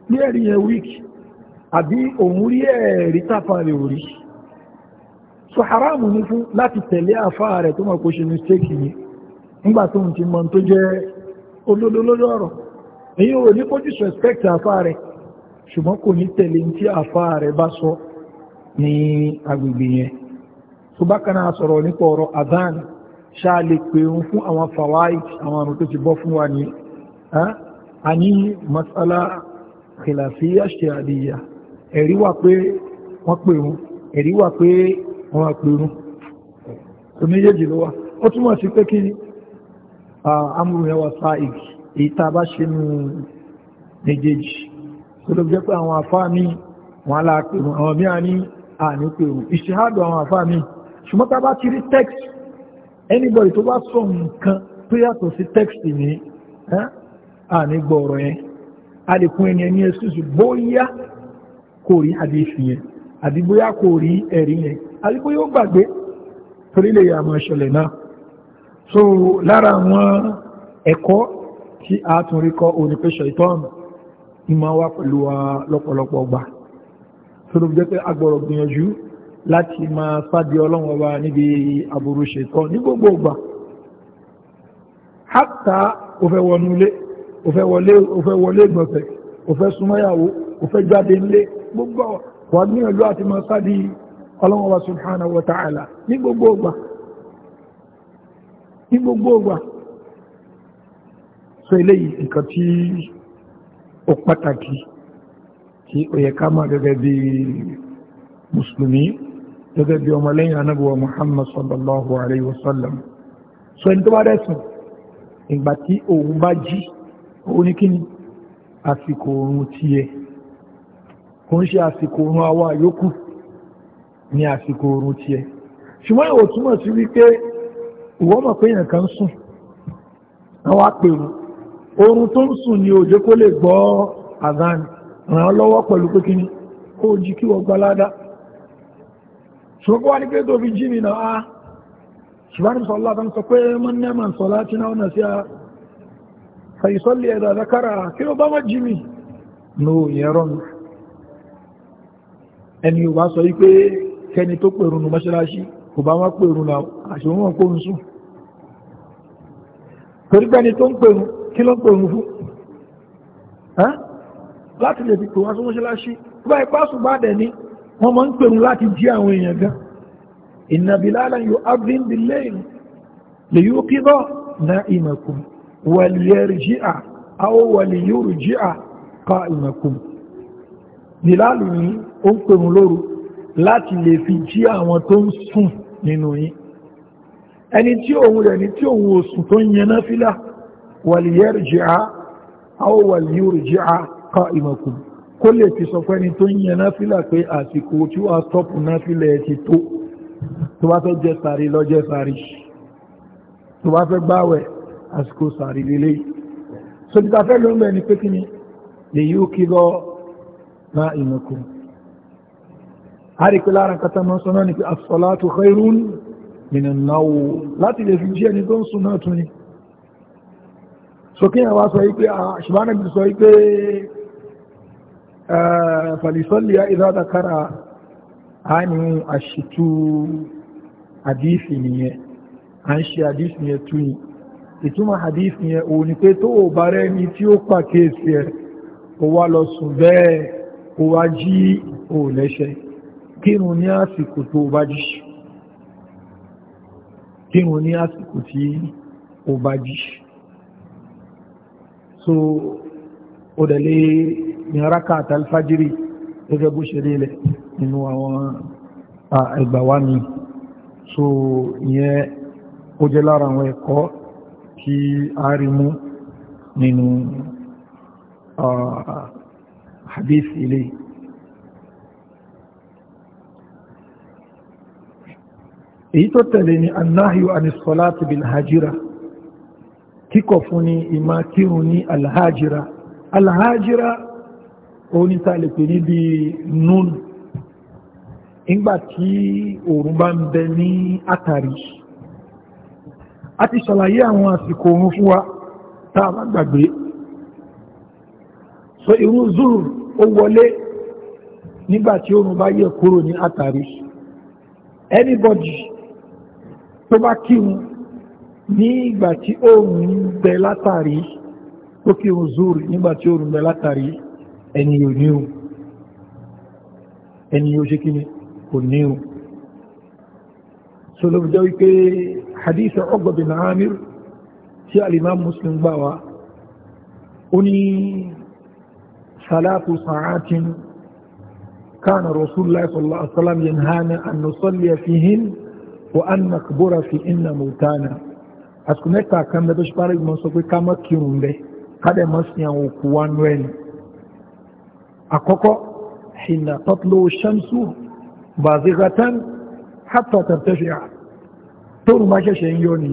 Speaker 1: ní ẹ̀rí week àbí òun rí ẹ̀rí tàfà rẹ̀ so haramu ni fu láti tẹ̀lé àfá rẹ̀ tó mọ̀ kó ṣe mistake yìí nígbà tó ń ti mọ̀ tó jẹ́ olódó lórí ọ̀rọ̀ èyí ò ní kó disrespect àfá rẹ̀ ṣùgbọ́n kò ní tẹ̀lé ní tí àfá rẹ̀ bá sọ ní agbègbè yẹn tó bá kanáà sọ̀rọ̀ nípa ọ̀rọ̀ adán ṣáà lè pè fún àwọn fàwáì àwọn àrùn tó ti bọ́ fún wa ní a ní masala kìlàfíà ṣe ẹ̀rí wà pé wọ́n pè ń ẹ̀rí wà pé wọ́n pè ń tó méjèèjì ló wà ó sí pé kí amúrùn a àwọn àní pèrò ìṣẹ́hádùn àwọn àfáà mi ṣùgbọ́n tá bá ti rí text anybody tó bá sọ nǹkan tó yàtọ̀ sí text ní àní gbọ̀ọ̀rọ̀ yẹn a lè kún ẹni ẹni ẹsùsù bóyá kò rí àdéhùn yẹn àbí bóyá kò rí ẹ̀rí yẹn àbí bóyá ó gbàgbé torí lè yà náà so lára àwọn ẹ̀kọ́ tí a tún rí kọ́ onípẹ́ṣọ̀ ìtọ́ọ̀nù ìmọ̀ wá pẹ̀lú wa lọ́pọ̀lọpọ̀ gbà sọ́dọ̀ jẹ́ pé agbọ̀rọ̀ gbìyànjú láti máa sáàdì ọlọ́run ọba níbi àbúrú ṣètọ́ ní gbogbo ìgbà hátà òfẹ́ wọnúlé òfẹ́ wọlé ìgbọ̀nsẹ̀ òfẹ́ súnmọ́yàwó òfẹ́ jáde ńlé gbogbo wà gbìyànjú àti máa sáàdì ọlọ́run ọba subhanahu wa ta'ala ní gbogbo ìgbà ní gbogbo ìgbà so eléyìí nǹkan tí ó pàtàkì tí ó yẹ ká máa gẹ́gẹ́ bí mùsùlùmí gẹ́gẹ́ bí ọmọlẹ́yìn anábíwa muhammad sallallahu alayhi wa sallam so ẹni tó bá dẹ̀sùn ìgbà tí òun bá jí òun ní kíni àsìkò oorun ti yẹ kò ń ṣe àsìkò oorun àwa yòókù ní àsìkò oorun ti yẹ ṣùgbọ́n ìwò túmọ̀ sí wípé ìwọ́n mọ̀ pé èèyàn kan sùn àwọn apèrò oorun tó ń sùn ni òjò kó lè gbọ́ àzáni ràn án lọ́wọ́ pẹ̀lú pé kíní kó jí kí wọ́n gbá ládá ṣùgbọ́n wá ní pé tó fi jí mi náà á ah, ṣùgbọ́n sọ láti sọ pé mọ́n náà màá sọ láti náà nà sí a fàìsọ́lì ẹ̀dà zakara kí ló bá má jí mi no ìyẹn rọ́n ẹni ò bá sọ yí pé kẹni tó pèrún nu mọ́ṣáláṣí kò bá má pèrún náà láti lè fi pè wá sí mọ́ṣáláṣí bá ipá ṣùgbọ́n àdẹ̀ ni wọ́n máa ń pèrún láti jí àwọn èèyàn gan inna bilalan yu'adhdhin bil-layl liyuqidha lè fi jí àwọn tó ń sùn ẹni tí òun rẹ̀ ni tí òun ò tó ń yẹn náfílà wa liyarji'a aw wa qa'imakum kó lè fi sọ fẹ́ni tó ń yẹn náfílà pé àsìkò tí wàá tọ́pù náfílà ẹ̀ ti tó tó bá fẹ́ jẹ sàrí lọ́jẹ́ sàrí tó bá fẹ́ gbáwẹ̀ àsìkò sàrí lélẹ̀ so ti tafẹ́ ló ń bẹ̀ ni pé kí ni èyí ó kí lọ na ìmọ̀kùn a rí pé lára kata máa sọ náà ni pé as-salatu khairun minan nawm láti lè fi jẹ́ ẹni tó ń sùn náà tún ni so kí ẹ̀ wá sọ yí pé ah, ṣùgbọ́n sọ yí falisolliya idza dakara ani ashitu hadisi nìyẹn à ń ṣe hadisi yẹn tú ni ìtumọ̀ hadisi yẹn òun ni pé tó o bá rẹ ni tí ó pàkíyèsí ẹ o wá lọ sùn bẹ́ẹ̀ o wá jí o lẹ́ṣẹ̀ kírun ní àsìkò tó o bá jí kírun ní àsìkò tí o bá jí so o dẹ̀ lè ní rákàtà alfajiri gẹ́gẹ́ bó ṣe lélẹ̀ nínú àwọn ẹgbàwá mi so ìyẹn ó jẹ́ lára àwọn ẹ̀kọ́ tí a rí mú nínú hadith ilé èyí tó tẹ̀lé ni annáhíu anisolati bilhajira kíkọ̀ fún ni ìmá kírun ní alhajira alhajira oníta lè pè níbi noon ìgbàtí òòrùn bá ń bẹ ní àtàrí a ti ṣàlàyé àwọn àsìkò òòrùn fún wa tá a bá gbàgbé so irú zuru ó wọlé nígbàtí òòrùn bá yẹ kúrò ní àtàrí anybody tó bá kírun ní ìgbàtí òòrùn ń bẹ látàrí tó kírun zuru nígbàtí òòrùn bẹ látàrí ẹni yóò ní o ẹni yóò ṣe kí ni kò ní o so ló fi jẹ́ wípé hadith Uqba bin Amir tí al-Imam Muslim gbà wá ó ní salatu sa'atin كان رسول الله صلى الله عليه وسلم ينهانا أن نصلي فيهن وأن نكبر في إن موتانا أسكنك كم ندوش بارك من سوكي كما كيرون به هذا مسيا وكوان وين àkọ́kọ́ hìnà tọ́tlọ́ ṣẹ́mṣù bàzíratán hátà tàbtẹ́ṣìá tóòrùn bá ṣẹ̀ṣẹ̀ ń yọ ní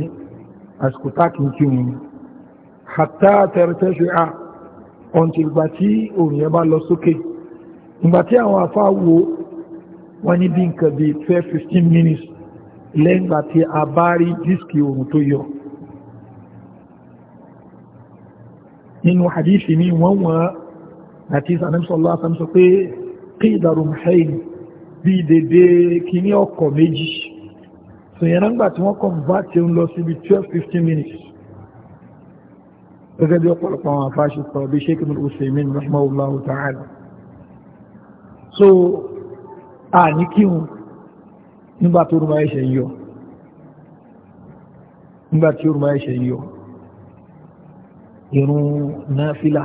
Speaker 1: àsìkò táàkì kí wọn hátà tàbtẹ́ṣìá ọ̀ntì ìgbà tí òun yẹn bá lọ sókè ìgbà tí àwọn afá wo wọ́n ní bí nǹkan 12-15 minutes lẹ́yìn ìgbà tí a bá rí dísìkì òun tó yọ nínú hadithi ni wọ́n wọ́n àti ìsànẹ́sọ́lá àtàmsọ pé kí ìdàrùn hain bí dédé kí ní ọkọ̀ méjì so yẹn nígbà tí wọ́n convert ń lọ síbi 12-15 minutes gẹ́gẹ́ bí ọ̀pọ̀lọpọ̀ àwọn afáṣe sọ bí sheikh ibn usaimin rahimahullahu ta'ala so a ní kíhun nígbà tí orúmọ ẹ̀ṣẹ̀ yíò nígbà tí orúmọ ẹ̀ṣẹ̀ yíò irun náà fílà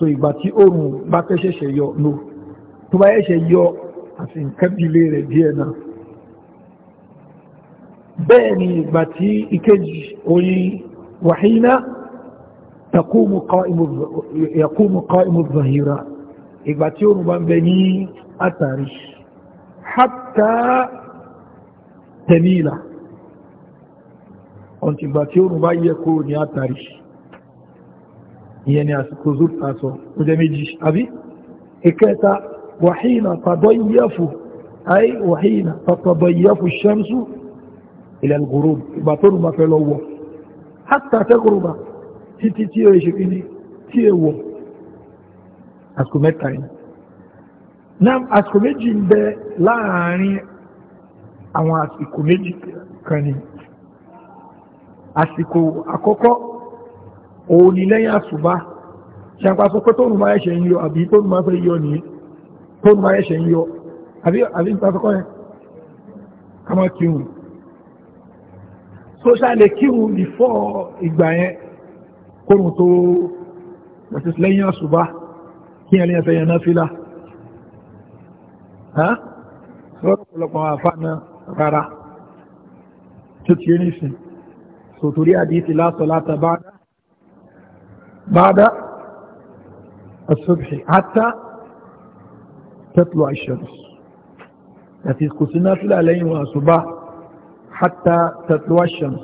Speaker 1: so ìgbà tí oòrùn bá fẹ́ ṣẹ̀ṣẹ̀ yọ no tó bá ṣẹ̀ṣẹ̀ yọ àti nǹkan dílé rẹ̀ díẹ̀ náà bẹ́ẹ̀ ni ìgbà tí ìkejì oyin wàhíná yakumu qa'imu zahira ìgbà tí oòrùn bá ń bẹ ní àtàrí hatta tẹ̀míìlà ọ̀ntìgbà tí oòrùn bá yẹ kúrò ní àtàrí ìyẹn ni àsìkò zuru àsọ ó jẹ́ méjì àbí ìkẹta wàhíìnà tàbọ̀yẹ́fù ay wàhíìnà tàbọ̀yẹ́fù ṣẹ́mṣù ilẹ̀ gòrò ìgbà tó rùmà fẹ́ lọ wọ̀ hátà tẹ́kùrùmà títí tí ó ṣe kíní tí ó wọ̀ àsìkò mẹ́ta yìí náà àsìkò méjì ń òun ni lẹ́yìn àsùbá ṣàpá sọ pé tóun máa ẹ̀ṣẹ̀ ń yọ àbí tóun máa fẹ́ yọ nìyí tóun máa ẹ̀ṣẹ̀ ń yọ àbí àbí nípa sọkọ́ yẹn ká máa kírun so ṣáà lè kírun before ìgbà yẹn kórun tó pẹ̀sẹ̀ lẹ́yìn àsùbá kí ẹ̀ lẹ́yìn ti lásọ̀ látàbára بعد الصبح حتى تطلع الشمس التي قسنا في الألين وأصباح حتى تطلع الشمس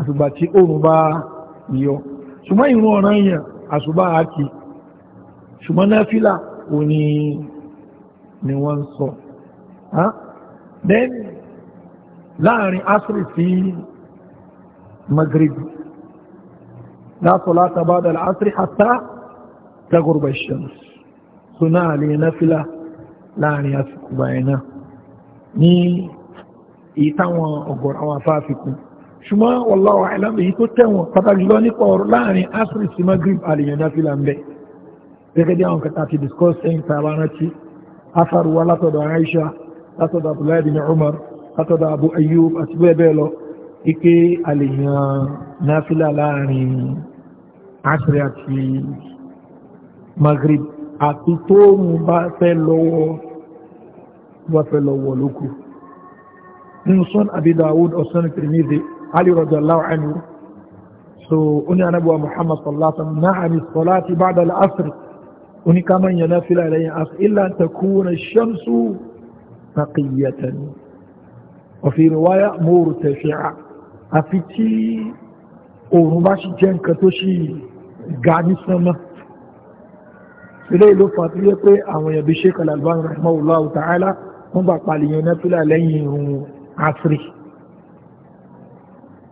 Speaker 1: أصبحت أربع يوم ثم يمونين أصبحت ثم نافلة وني نوان صوم ها then láàrin asiri في maghrib لا صلاة بعد العصر حتى تغرب الشمس صنع لي نفلة لا يفق بينه ni ìtàwọn ọ̀gọ̀rọ̀ àwọn afáfikún ṣùgbọ́n wallahu a'lam èyí tó tẹ̀wọ̀n pàtàkì jùlọ nípa ọ̀rọ̀ láàrin asiri sí magrib àlèyàn náfílà ń bẹ̀ gẹ́gẹ́ bí àwọn kàtàkì discuss ẹ̀yìn tààrà rántí asaruwa látọ̀dọ̀ Aisha látọ̀dọ̀ Abdullahi bin Umar látọ̀dọ̀ Abu Ayyub àti asiri àti magrib àti tó mú bá fẹ́ lọ́wọ́ bá fẹ́ lọ́wọ́ lókù nínú sọ́n Abi Dawud ọ̀sán Tirmidhi Ali radiyallahu anhu so oní anábíwa Muhammad sallallahu alaihi wasallam náà àmì salati ba'da al-asr oní ká mọ̀ yẹn náfílà lẹ́yìn asr illa an oòrùn bá sì jẹ́ nǹkan tó sì ga ní sánmọ́ ilé ìlú fàtí yẹ pé àwọn èèyàn bí Sheikh Al-Albani rahimahullahu ta'ala wọ́n gbà pàlìyàn nẹ́fìlà lẹ́yìn ìrun asiri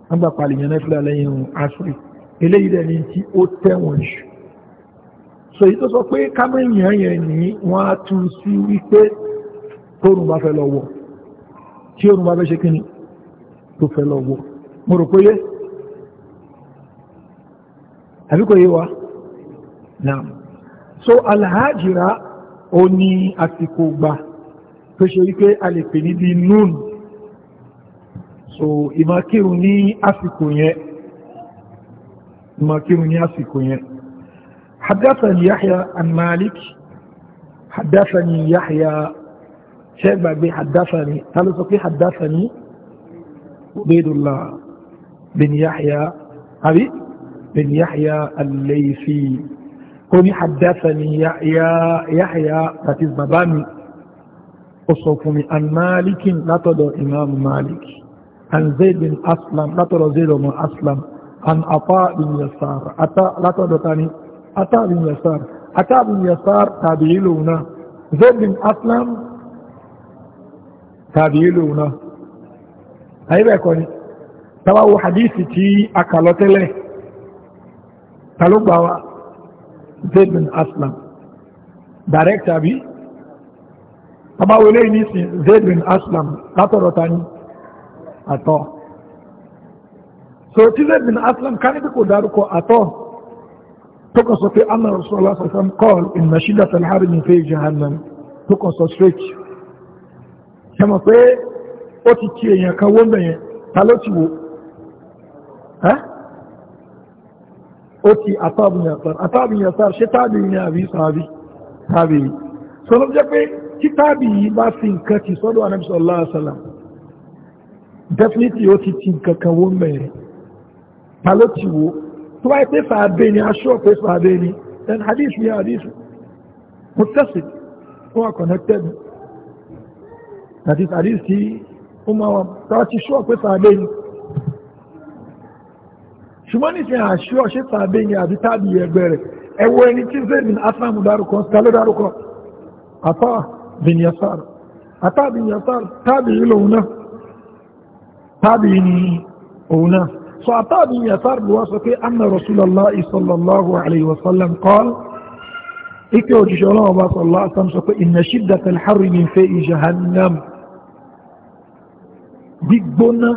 Speaker 1: wọ́n gbà pàlìyàn nẹ́fìlà lẹ́yìn ìrun asiri ilé ìdẹ̀ ni tí ó tẹ̀wọ̀n jù so èyí tó sọ pé kámẹ́yìn yẹn ni wọ́n á tún sí wípé tóòrùn bá fẹ́ lọ wọ̀ tí àbí kò yé wa so alhajira ó ní àsìkò gbà tó ṣe wípé a lè pè níbi noon so ìmọ̀kírun ní àsìkò yẹn ìmọ̀kírun ní àsìkò yẹn حدثني يحيى عن مالك حدثني يحيى شيخ بي حدثني قالوا سقي حدثني عبيد الله بن يحيى أبي بن يحيى الليثي كوني حدثني يحيى يحيى فتيز بابامي أصوفني عن مالك لا تدو إمام مالك عن زيد بن أسلم لا تدو زيد بن أسلم عن عطاء بن يسار عطاء لا تدو تاني عطاء بن يسار عطاء بن يسار تابعيلونا زيد بن أسلم تابعيلونا هاي بيكوني تبعو حديثي تي له ta ló gbà wá Zayd bin Aslam direct àbí abáwọlé nísìn Zayd bin Aslam látọ̀rọ̀ ta ní àtọ́ so tí Zayd bin Aslam ká níbi kò dárúkọ àtọ́ tó kàn sọ pé anna Rasulullah sallam call in mashida talhari ní fẹ́ jahannam tó kàn sọ straight ṣe mọ̀ pé ó ti ti èèyàn kan wọ́n bẹ̀yẹn ta ló ti wò ẹ́ ó ti àtàbùn yàtàr àtàbùn yàtàr ṣe tábì ní àbí sàábì tábì yìí sọ́nà jẹ́ pé tí tábì yìí bá fi nǹkan ti sọ́dọ̀ Ànábì sallallahu alaihi wasallam definitely ó ti ti nǹkan kan wó mẹ́rin ta ló ti wo tó wáyé pé sàábẹ́ ni aṣọ́ pé sàábẹ́ ni then hadith ni hadith mo tẹ́sì ó wà that is hadith tí ó máa wà tá a ti ṣọ́ pé sàábẹ́ ni ṣùgbọ́n ní ìsìn àṣí ọ̀ṣẹ́ tàbí yẹn àbí tàbí ẹgbẹ́ rẹ̀ ẹwọ ẹni tí zayd bin aslam dárúkọ tàló dárúkọ àtà bin yasar àtà bin yasar tàbí ìlú òun náà tàbí ní òun náà so àtà bin yasar bí wọ́n sọ pé anna rasulallah sallallahu alayhi wa sallam qala ike òjíṣẹ́ jahannam gbígbóná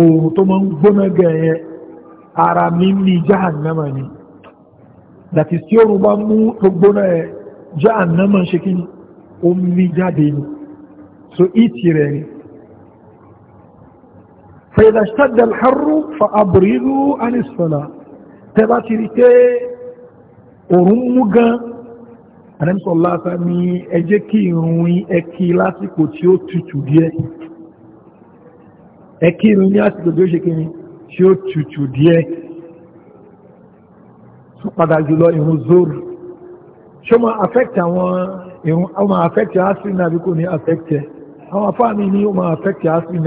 Speaker 1: òòrùn tó máa ń gbóná gẹ̀ẹ́ ara mímí jahannama ni that is tí oòrùn bá mú tó gbóná ẹ̀ jahannama ṣe kí ni ó mí jáde ni so ìtì rẹ̀ ni فإذا اشتد الحر فأبردوا عن الصلاة تبا تريتي أرمغا أنا صلى الله عليه وسلم أجيكي روي أكي لاسي كوتيو تتوديه أكي روي لاسي كوتيو شكيني tí ó tutù díẹ̀ tó padà jùlọ ìrun zoro ṣó máa affect àwọn ìrun ó máa affect asiri bí kò ní affect ẹ àwọn afáàmì ni ó máa affect asiri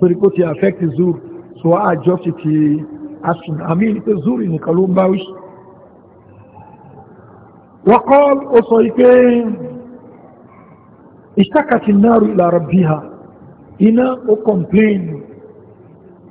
Speaker 1: torí pé ti affect zoro so àjọ ti ti asiri náà àmì ìpè zoro nìkan ló ń báwí. وقال أصيبين اشتكت النار إلى ربها إنا أكمبلين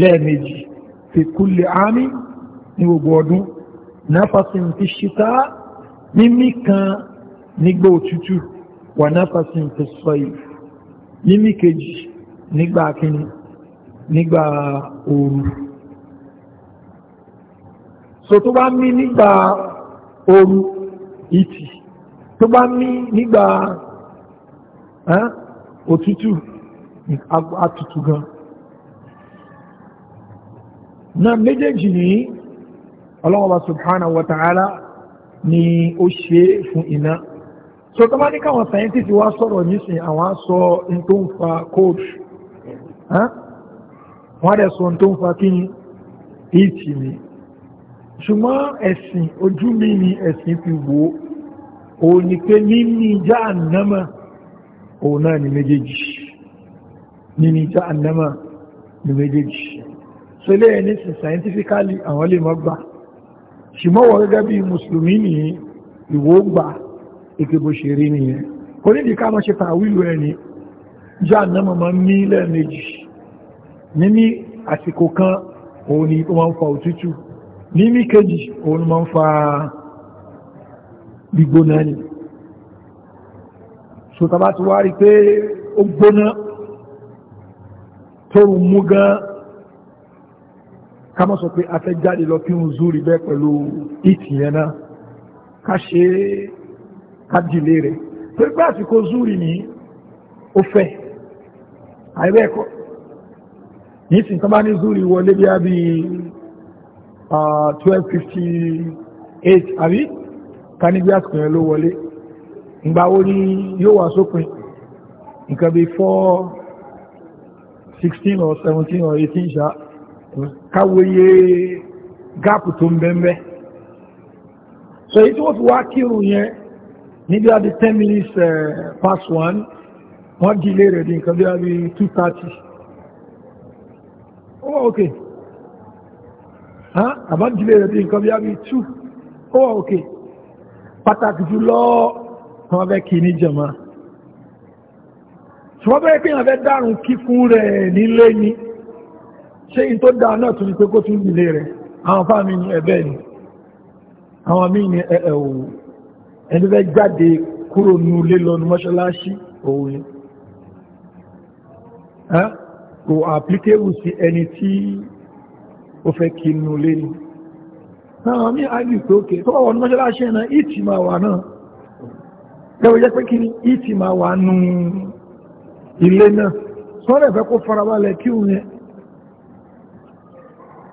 Speaker 1: lẹ́ẹ̀mejì fi kulli àmì ní gbogbo ọdún náfàsìn fi ṣíta mímí kan nígbà òtútù wà náfàsìn fi sayf mímí kejì nígbà kíni nígbà ooru so tó bá mí nígbà ooru ìtì tó bá mí nígbà òtútù àtútù gan-an na méjèèjì ní ọlọ́wọ́ba subhanahu wa ta'ala ni ó ṣe fún iná so tó máa ní káwọn scientist wá sọ̀rọ̀ nísìn àwọn sọ n tó ń fa cold wọ́n dẹ̀ sọ n tó ń fa kíni ìtì mi ṣùgbọ́n ẹ̀sìn ojú mi ni ẹ̀sìn fi wò ó ní pé níní jahannama òun náà ni méjèèjì níní jahannama ni méjèèjì so eléyìí ní sin scientifically àwọn lè mọ́ gbà ṣùgbọ́n wọ́n gẹ́gẹ́ bí mùsùlùmí ní ìwò gbà ìkébò ṣe rí nìyẹn kò nídìí ká mọ́ ṣe tàwílù ẹni já náà mọ́ ní lẹ́ẹ̀mejì níní àsìkò kan òun ni ó máa ń fa òtútù níní kejì òun máa ń fa gbígbóná ni so tàbá pé ó gbóná tó mú gan ká mọ́ sọ pé a fẹ́ jáde lọ kí n zúrí bẹ́ẹ̀ pẹ̀lú ìtìyẹn náà ká ṣe é ká dìlé rẹ̀ torí pé àsìkò zúrí ní ó fẹ́ àìbẹ́ẹ̀kọ́ ní ìsìn kan bá ní zúrí wọlé bí a bí twelve fifty eight àbí ká ní bí àsìkò yẹn ló wọlé ìgbà wo ni yóò wá sópin nǹkan bí four sixteen or seventeen or eighteen ṣáà káwòye gáàpù tó ń bẹ́m̀bẹ́ so èyí tí wọ́n fi wá kírun yẹn níbi àbí 10 minutes uh, past one wọ́n di ilé rẹ̀ di nǹkan bí àbí 2:30 ó wà òkè àbá di ilé rẹ̀ di nǹkan bí àbí 2 ó wà òkè pàtàkì jùlọ wọ́n fẹ́ kí ní jẹ̀mọ́ ṣùgbọ́n bẹ́ẹ̀ kí wọ́n fẹ́ dárùn kíkún rẹ̀ nílé ni. Jama ṣe in tó dáa náà tún ní pé kó tún ilé rẹ̀ àwọn fáàmì ní ẹ̀bẹ́ ni àwọn míì ní ẹ̀ẹ̀ òwò ẹni fẹ́ jáde kúrò ní ilé lọ ní mọ́ṣáláṣí òwò ni kò àplíkéwù sí ẹni tí ó fẹ́ kí inú ilé ni àwọn míì á pé òkè tó bá ní mọ́ṣáláṣí náà ìtì máa wà náà lẹ́wọ̀ jẹ́ pé kí ni ìtì máa wà nù ilé náà sọ́rọ̀ ẹ̀fẹ́ kó farabalẹ̀ kí òun yẹn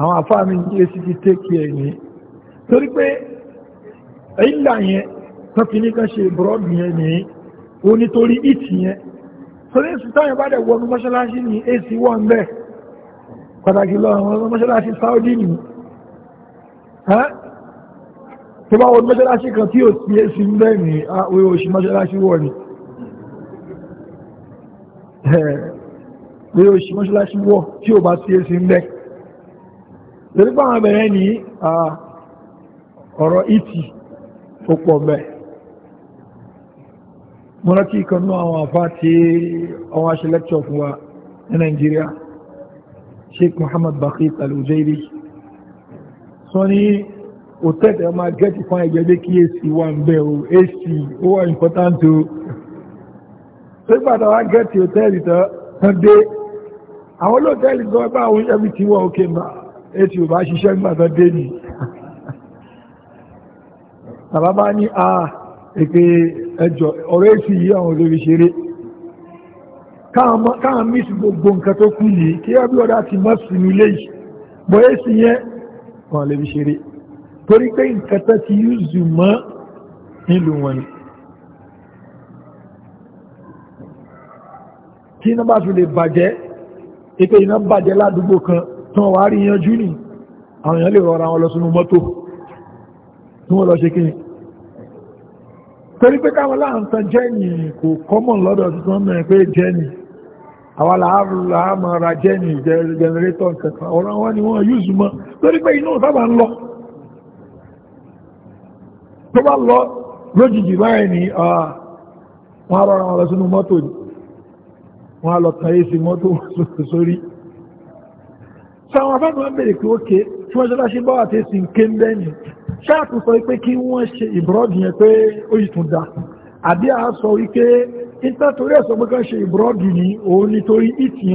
Speaker 1: àwọn àfáà mi ní èsì ti tẹ́kì ẹ̀ ní torí pé ìlà yẹn tọ́kìní kan ṣe bọ́ọ̀dù yẹn ní o nítorí ìtì yẹn torí èsì táyẹ̀ bá dẹ̀ wọnú mọ́ṣáláṣí ní èsì wọ́n bẹ́ẹ̀ pàtàkì lọ àwọn mọ́ṣáláṣí Saudi ní tó bá wọnú mọ́ṣáláṣí kan tí ò sí èsì ń bẹ́ẹ̀ ní àwọn òṣì mọ́ṣáláṣí wọ̀ ni pé òṣì mọ́ṣáláṣí wọ̀ tí ò bá sí èsì ń bẹ́ẹ̀ torí pé àwọn abẹ̀rẹ̀ ní ọ̀rọ̀ ìtì e ó pọ̀ bẹ́ẹ̀ mo rántí ìkanú àwọn àfá tí àwọn aṣe lẹ́kṣọ̀ fún wa ní Nàìjíríà Sheikh Muhammad Baqi Al-Ujairi sọ ní òtẹ́tẹ̀ ọmọ agẹ́tì fún ẹgbẹ́gbẹ́ kí èsì wà ń bẹ̀ o èsì ó wà important o tó gbàtà wá gẹ́tì òtẹ́ẹ̀lì tán dé àwọn olóòtẹ́ẹ̀lì gan ẹgbẹ́ àwọn oúnjẹ bí ti wọ́n òkè máa ètì ò bá ṣiṣẹ́ gbàgbọ́ dé ni bàbá bá ní a èpè ẹjọ ọ̀rọ̀ èsì yìí àwọn olórí ṣeré káà mísì gbogbo nǹkan tó kú yìí kí ẹ bí ọ̀dá ti mọ́ sínú ilé yìí bọ́ èsì yẹn wọn lè fi ṣeré torí pé nǹkan tó ti yúzù mọ́ nílùú wọn ni kí iná bá fi lè bàjẹ́ èpè iná bàjẹ́ ládùúgbò kan náà wà rí yanjú ní àwọn èèyàn lè rọra wọn lọ sínú mọ́tò tí wọ́n lọ ṣe kí ni torí pé káwọn láàntàn jẹ́nì kò kọ́mọ̀ lọ́dọ̀ tí wọ́n mẹ́rin pé jẹ́nì àwọn làámọ̀ ra jẹ́nì jẹnẹrétọ̀ kẹta ọ̀rọ̀ wọn ni wọ́n yúùsù mọ́ torí pé inú sábà ń lọ tó bá lọ lójijì wọ́n lọ tàyé sí mọ́tò (laughs) sórí sáwọn afẹ́kùn wọn bèèrè pé ókè tí wọ́n ṣe láṣẹ báwà tí sì ń ké lẹ́yìn ṣáàtù sọ pé kí wọ́n ṣe ìbúrọ́dì yẹn pé ó yìí tún da àbí a sọ wípé nítorí ẹ̀sọ́ pé kán ṣe ìbúrọ́dì ní òun nítorí ìtì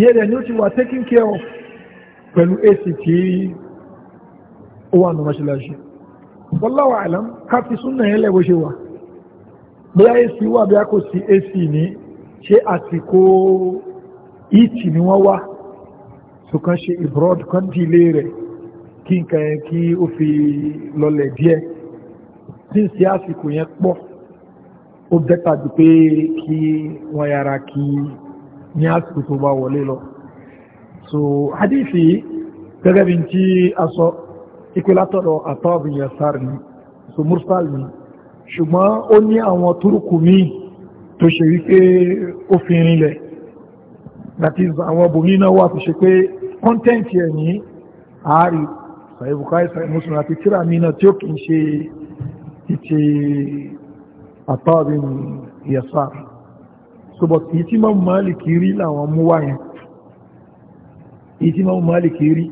Speaker 1: yẹn rẹ̀ ni ó ti wà taking care of pẹ̀lú ac tí ó wà nù mọ́ṣáláṣí wallahu alam ká fi súnà yẹn lẹ́wọ́ ṣe wà bí ac wà bí kò sí ac ní ṣe àsìkò ìtì ni wọ́n wá so kan ṣe abroad kan dìlé rẹ̀ kí nǹkan yẹn kí ó fi lọlẹ̀ díẹ̀ sínsì àsìkò yẹn pọ̀ ó bẹ́tà jù pé kí wọ́n yára kí ní àsìkò tó bá wọlé lọ so hadithi gẹ́gẹ́ bí tí aso sọ ikú látọ̀dọ̀ àtọ́bù yasar ni so mursal ni ṣùgbọ́n ó ní àwọn túrùkù míì tó ṣe wípé ó fi rinlẹ̀ that is àwọn bòmí náà wà tó ṣe pé kọ́ńtẹ́ǹtì ẹ̀ ní ààrí sàìbùkáì sàìmùsùn àti tíra mi náà tí ó kìí ṣe ìtì àtọ́rin yẹ̀sà ṣùgbọ́n èyí tí mọ́mù Málìkì rí làwọn mú wá yẹn èyí tí mọ́mù Málìkì rí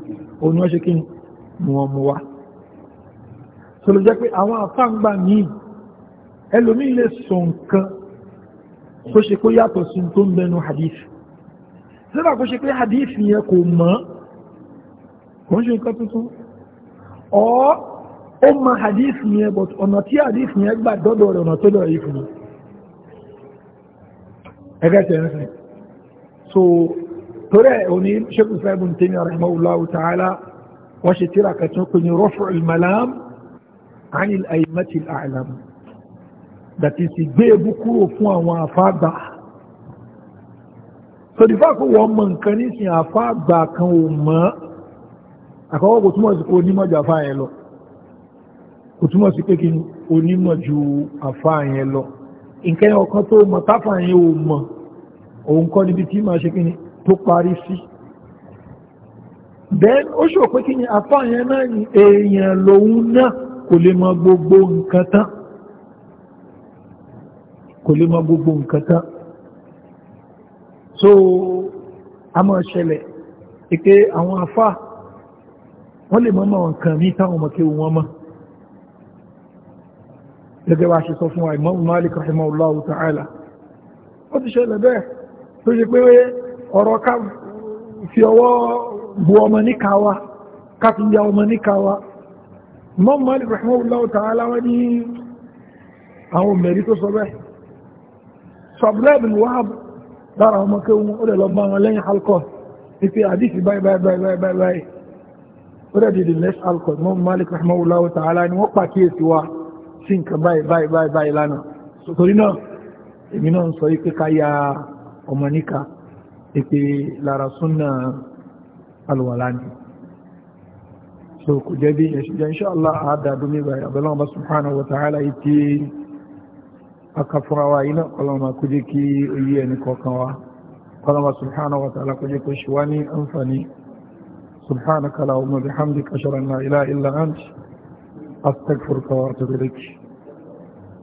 Speaker 1: oní wọ́n ṣe kí ni wọ́n mú wá sọ̀rọ̀ jẹ́ pé àwọn àfáǹgbà míì ẹlòmí lè sọ nǹkan tó ṣe kó yàtọ̀ sí tó ń bẹnu hadith síbà kó ṣe pé hadith yẹn kò mọ̀ kò ń ṣe nǹkan tuntun ọ́ ó mọ hadith yẹn but ọ̀nà tí hadith yẹn gbà dọ́dọ̀ rẹ̀ ọ̀nà tó lọ yìí fún un ẹgbẹ́ tẹ̀ ń sìn so torí ẹ̀ òní ṣẹ́kù sáìbù ní tèmi rahimahullahu ta'ala wọ́n ṣe tíra kẹtún pé ní rọ́fù ìmàlám anil aimati alam that is ìgbé ebú kúrò fún àwọn àfáàgbà so di fáàkù wọ́n mọ̀ nǹkan nísìn àfá àgbà kan ò mọ́ àkọ́kọ́ kò túmọ̀ sí pé onímọ̀ ju àfá yẹn lọ kò túmọ̀ sí pé kí onímọ̀ ju àfá yẹn lọ nǹkan ọ̀kan tó mọ̀ táfà yẹn ò mọ̀ òun kọ́ níbi tí máa ṣe kí ni tó parí sí then ó ṣò pé kí ni àfá yẹn náà ni èèyàn lòun náà kò lè mọ̀ gbogbo nǹkan tán kò lè mọ̀ gbogbo nǹkan tán so a máa ṣẹlẹ̀ ìpé àwọn afá wọ́n lè mọ́mọ́ nǹkan ní táwọn ọmọké wọn mọ́ gẹ́gẹ́ bá ṣe sọ fún wa Imam Malik rahimahullahu ta'ala ó ti ṣẹlẹ̀ bẹ́ẹ̀ tó ṣe pé ọ̀rọ̀ ká fi ọwọ́ sọ̀bùlẹ́bìn wàhábù lára ọmọ kí wọn ó lè lọ bá wọn lẹ́yìn alcohol ní pé àdífì báyìí báyìí báyìí báyìí báyìí ó dẹ̀ dìde less alcohol mọ́ Malik rahmaulahu ta'ala ni wọ́n pàkíyèsí wa sí nǹkan báyìí báyìí akafura wa ina náà kọlọ́mà kó jẹ́ kí oyé ẹni kọ̀ọ̀kan wa kọlọ́mà subhanahu wa ta'ala kuje kó ṣe wá ní àǹfààní subhanaka allahumma bihamdika ashhadu an la ilaha illa anta astaghfiruka wa atubu ilayk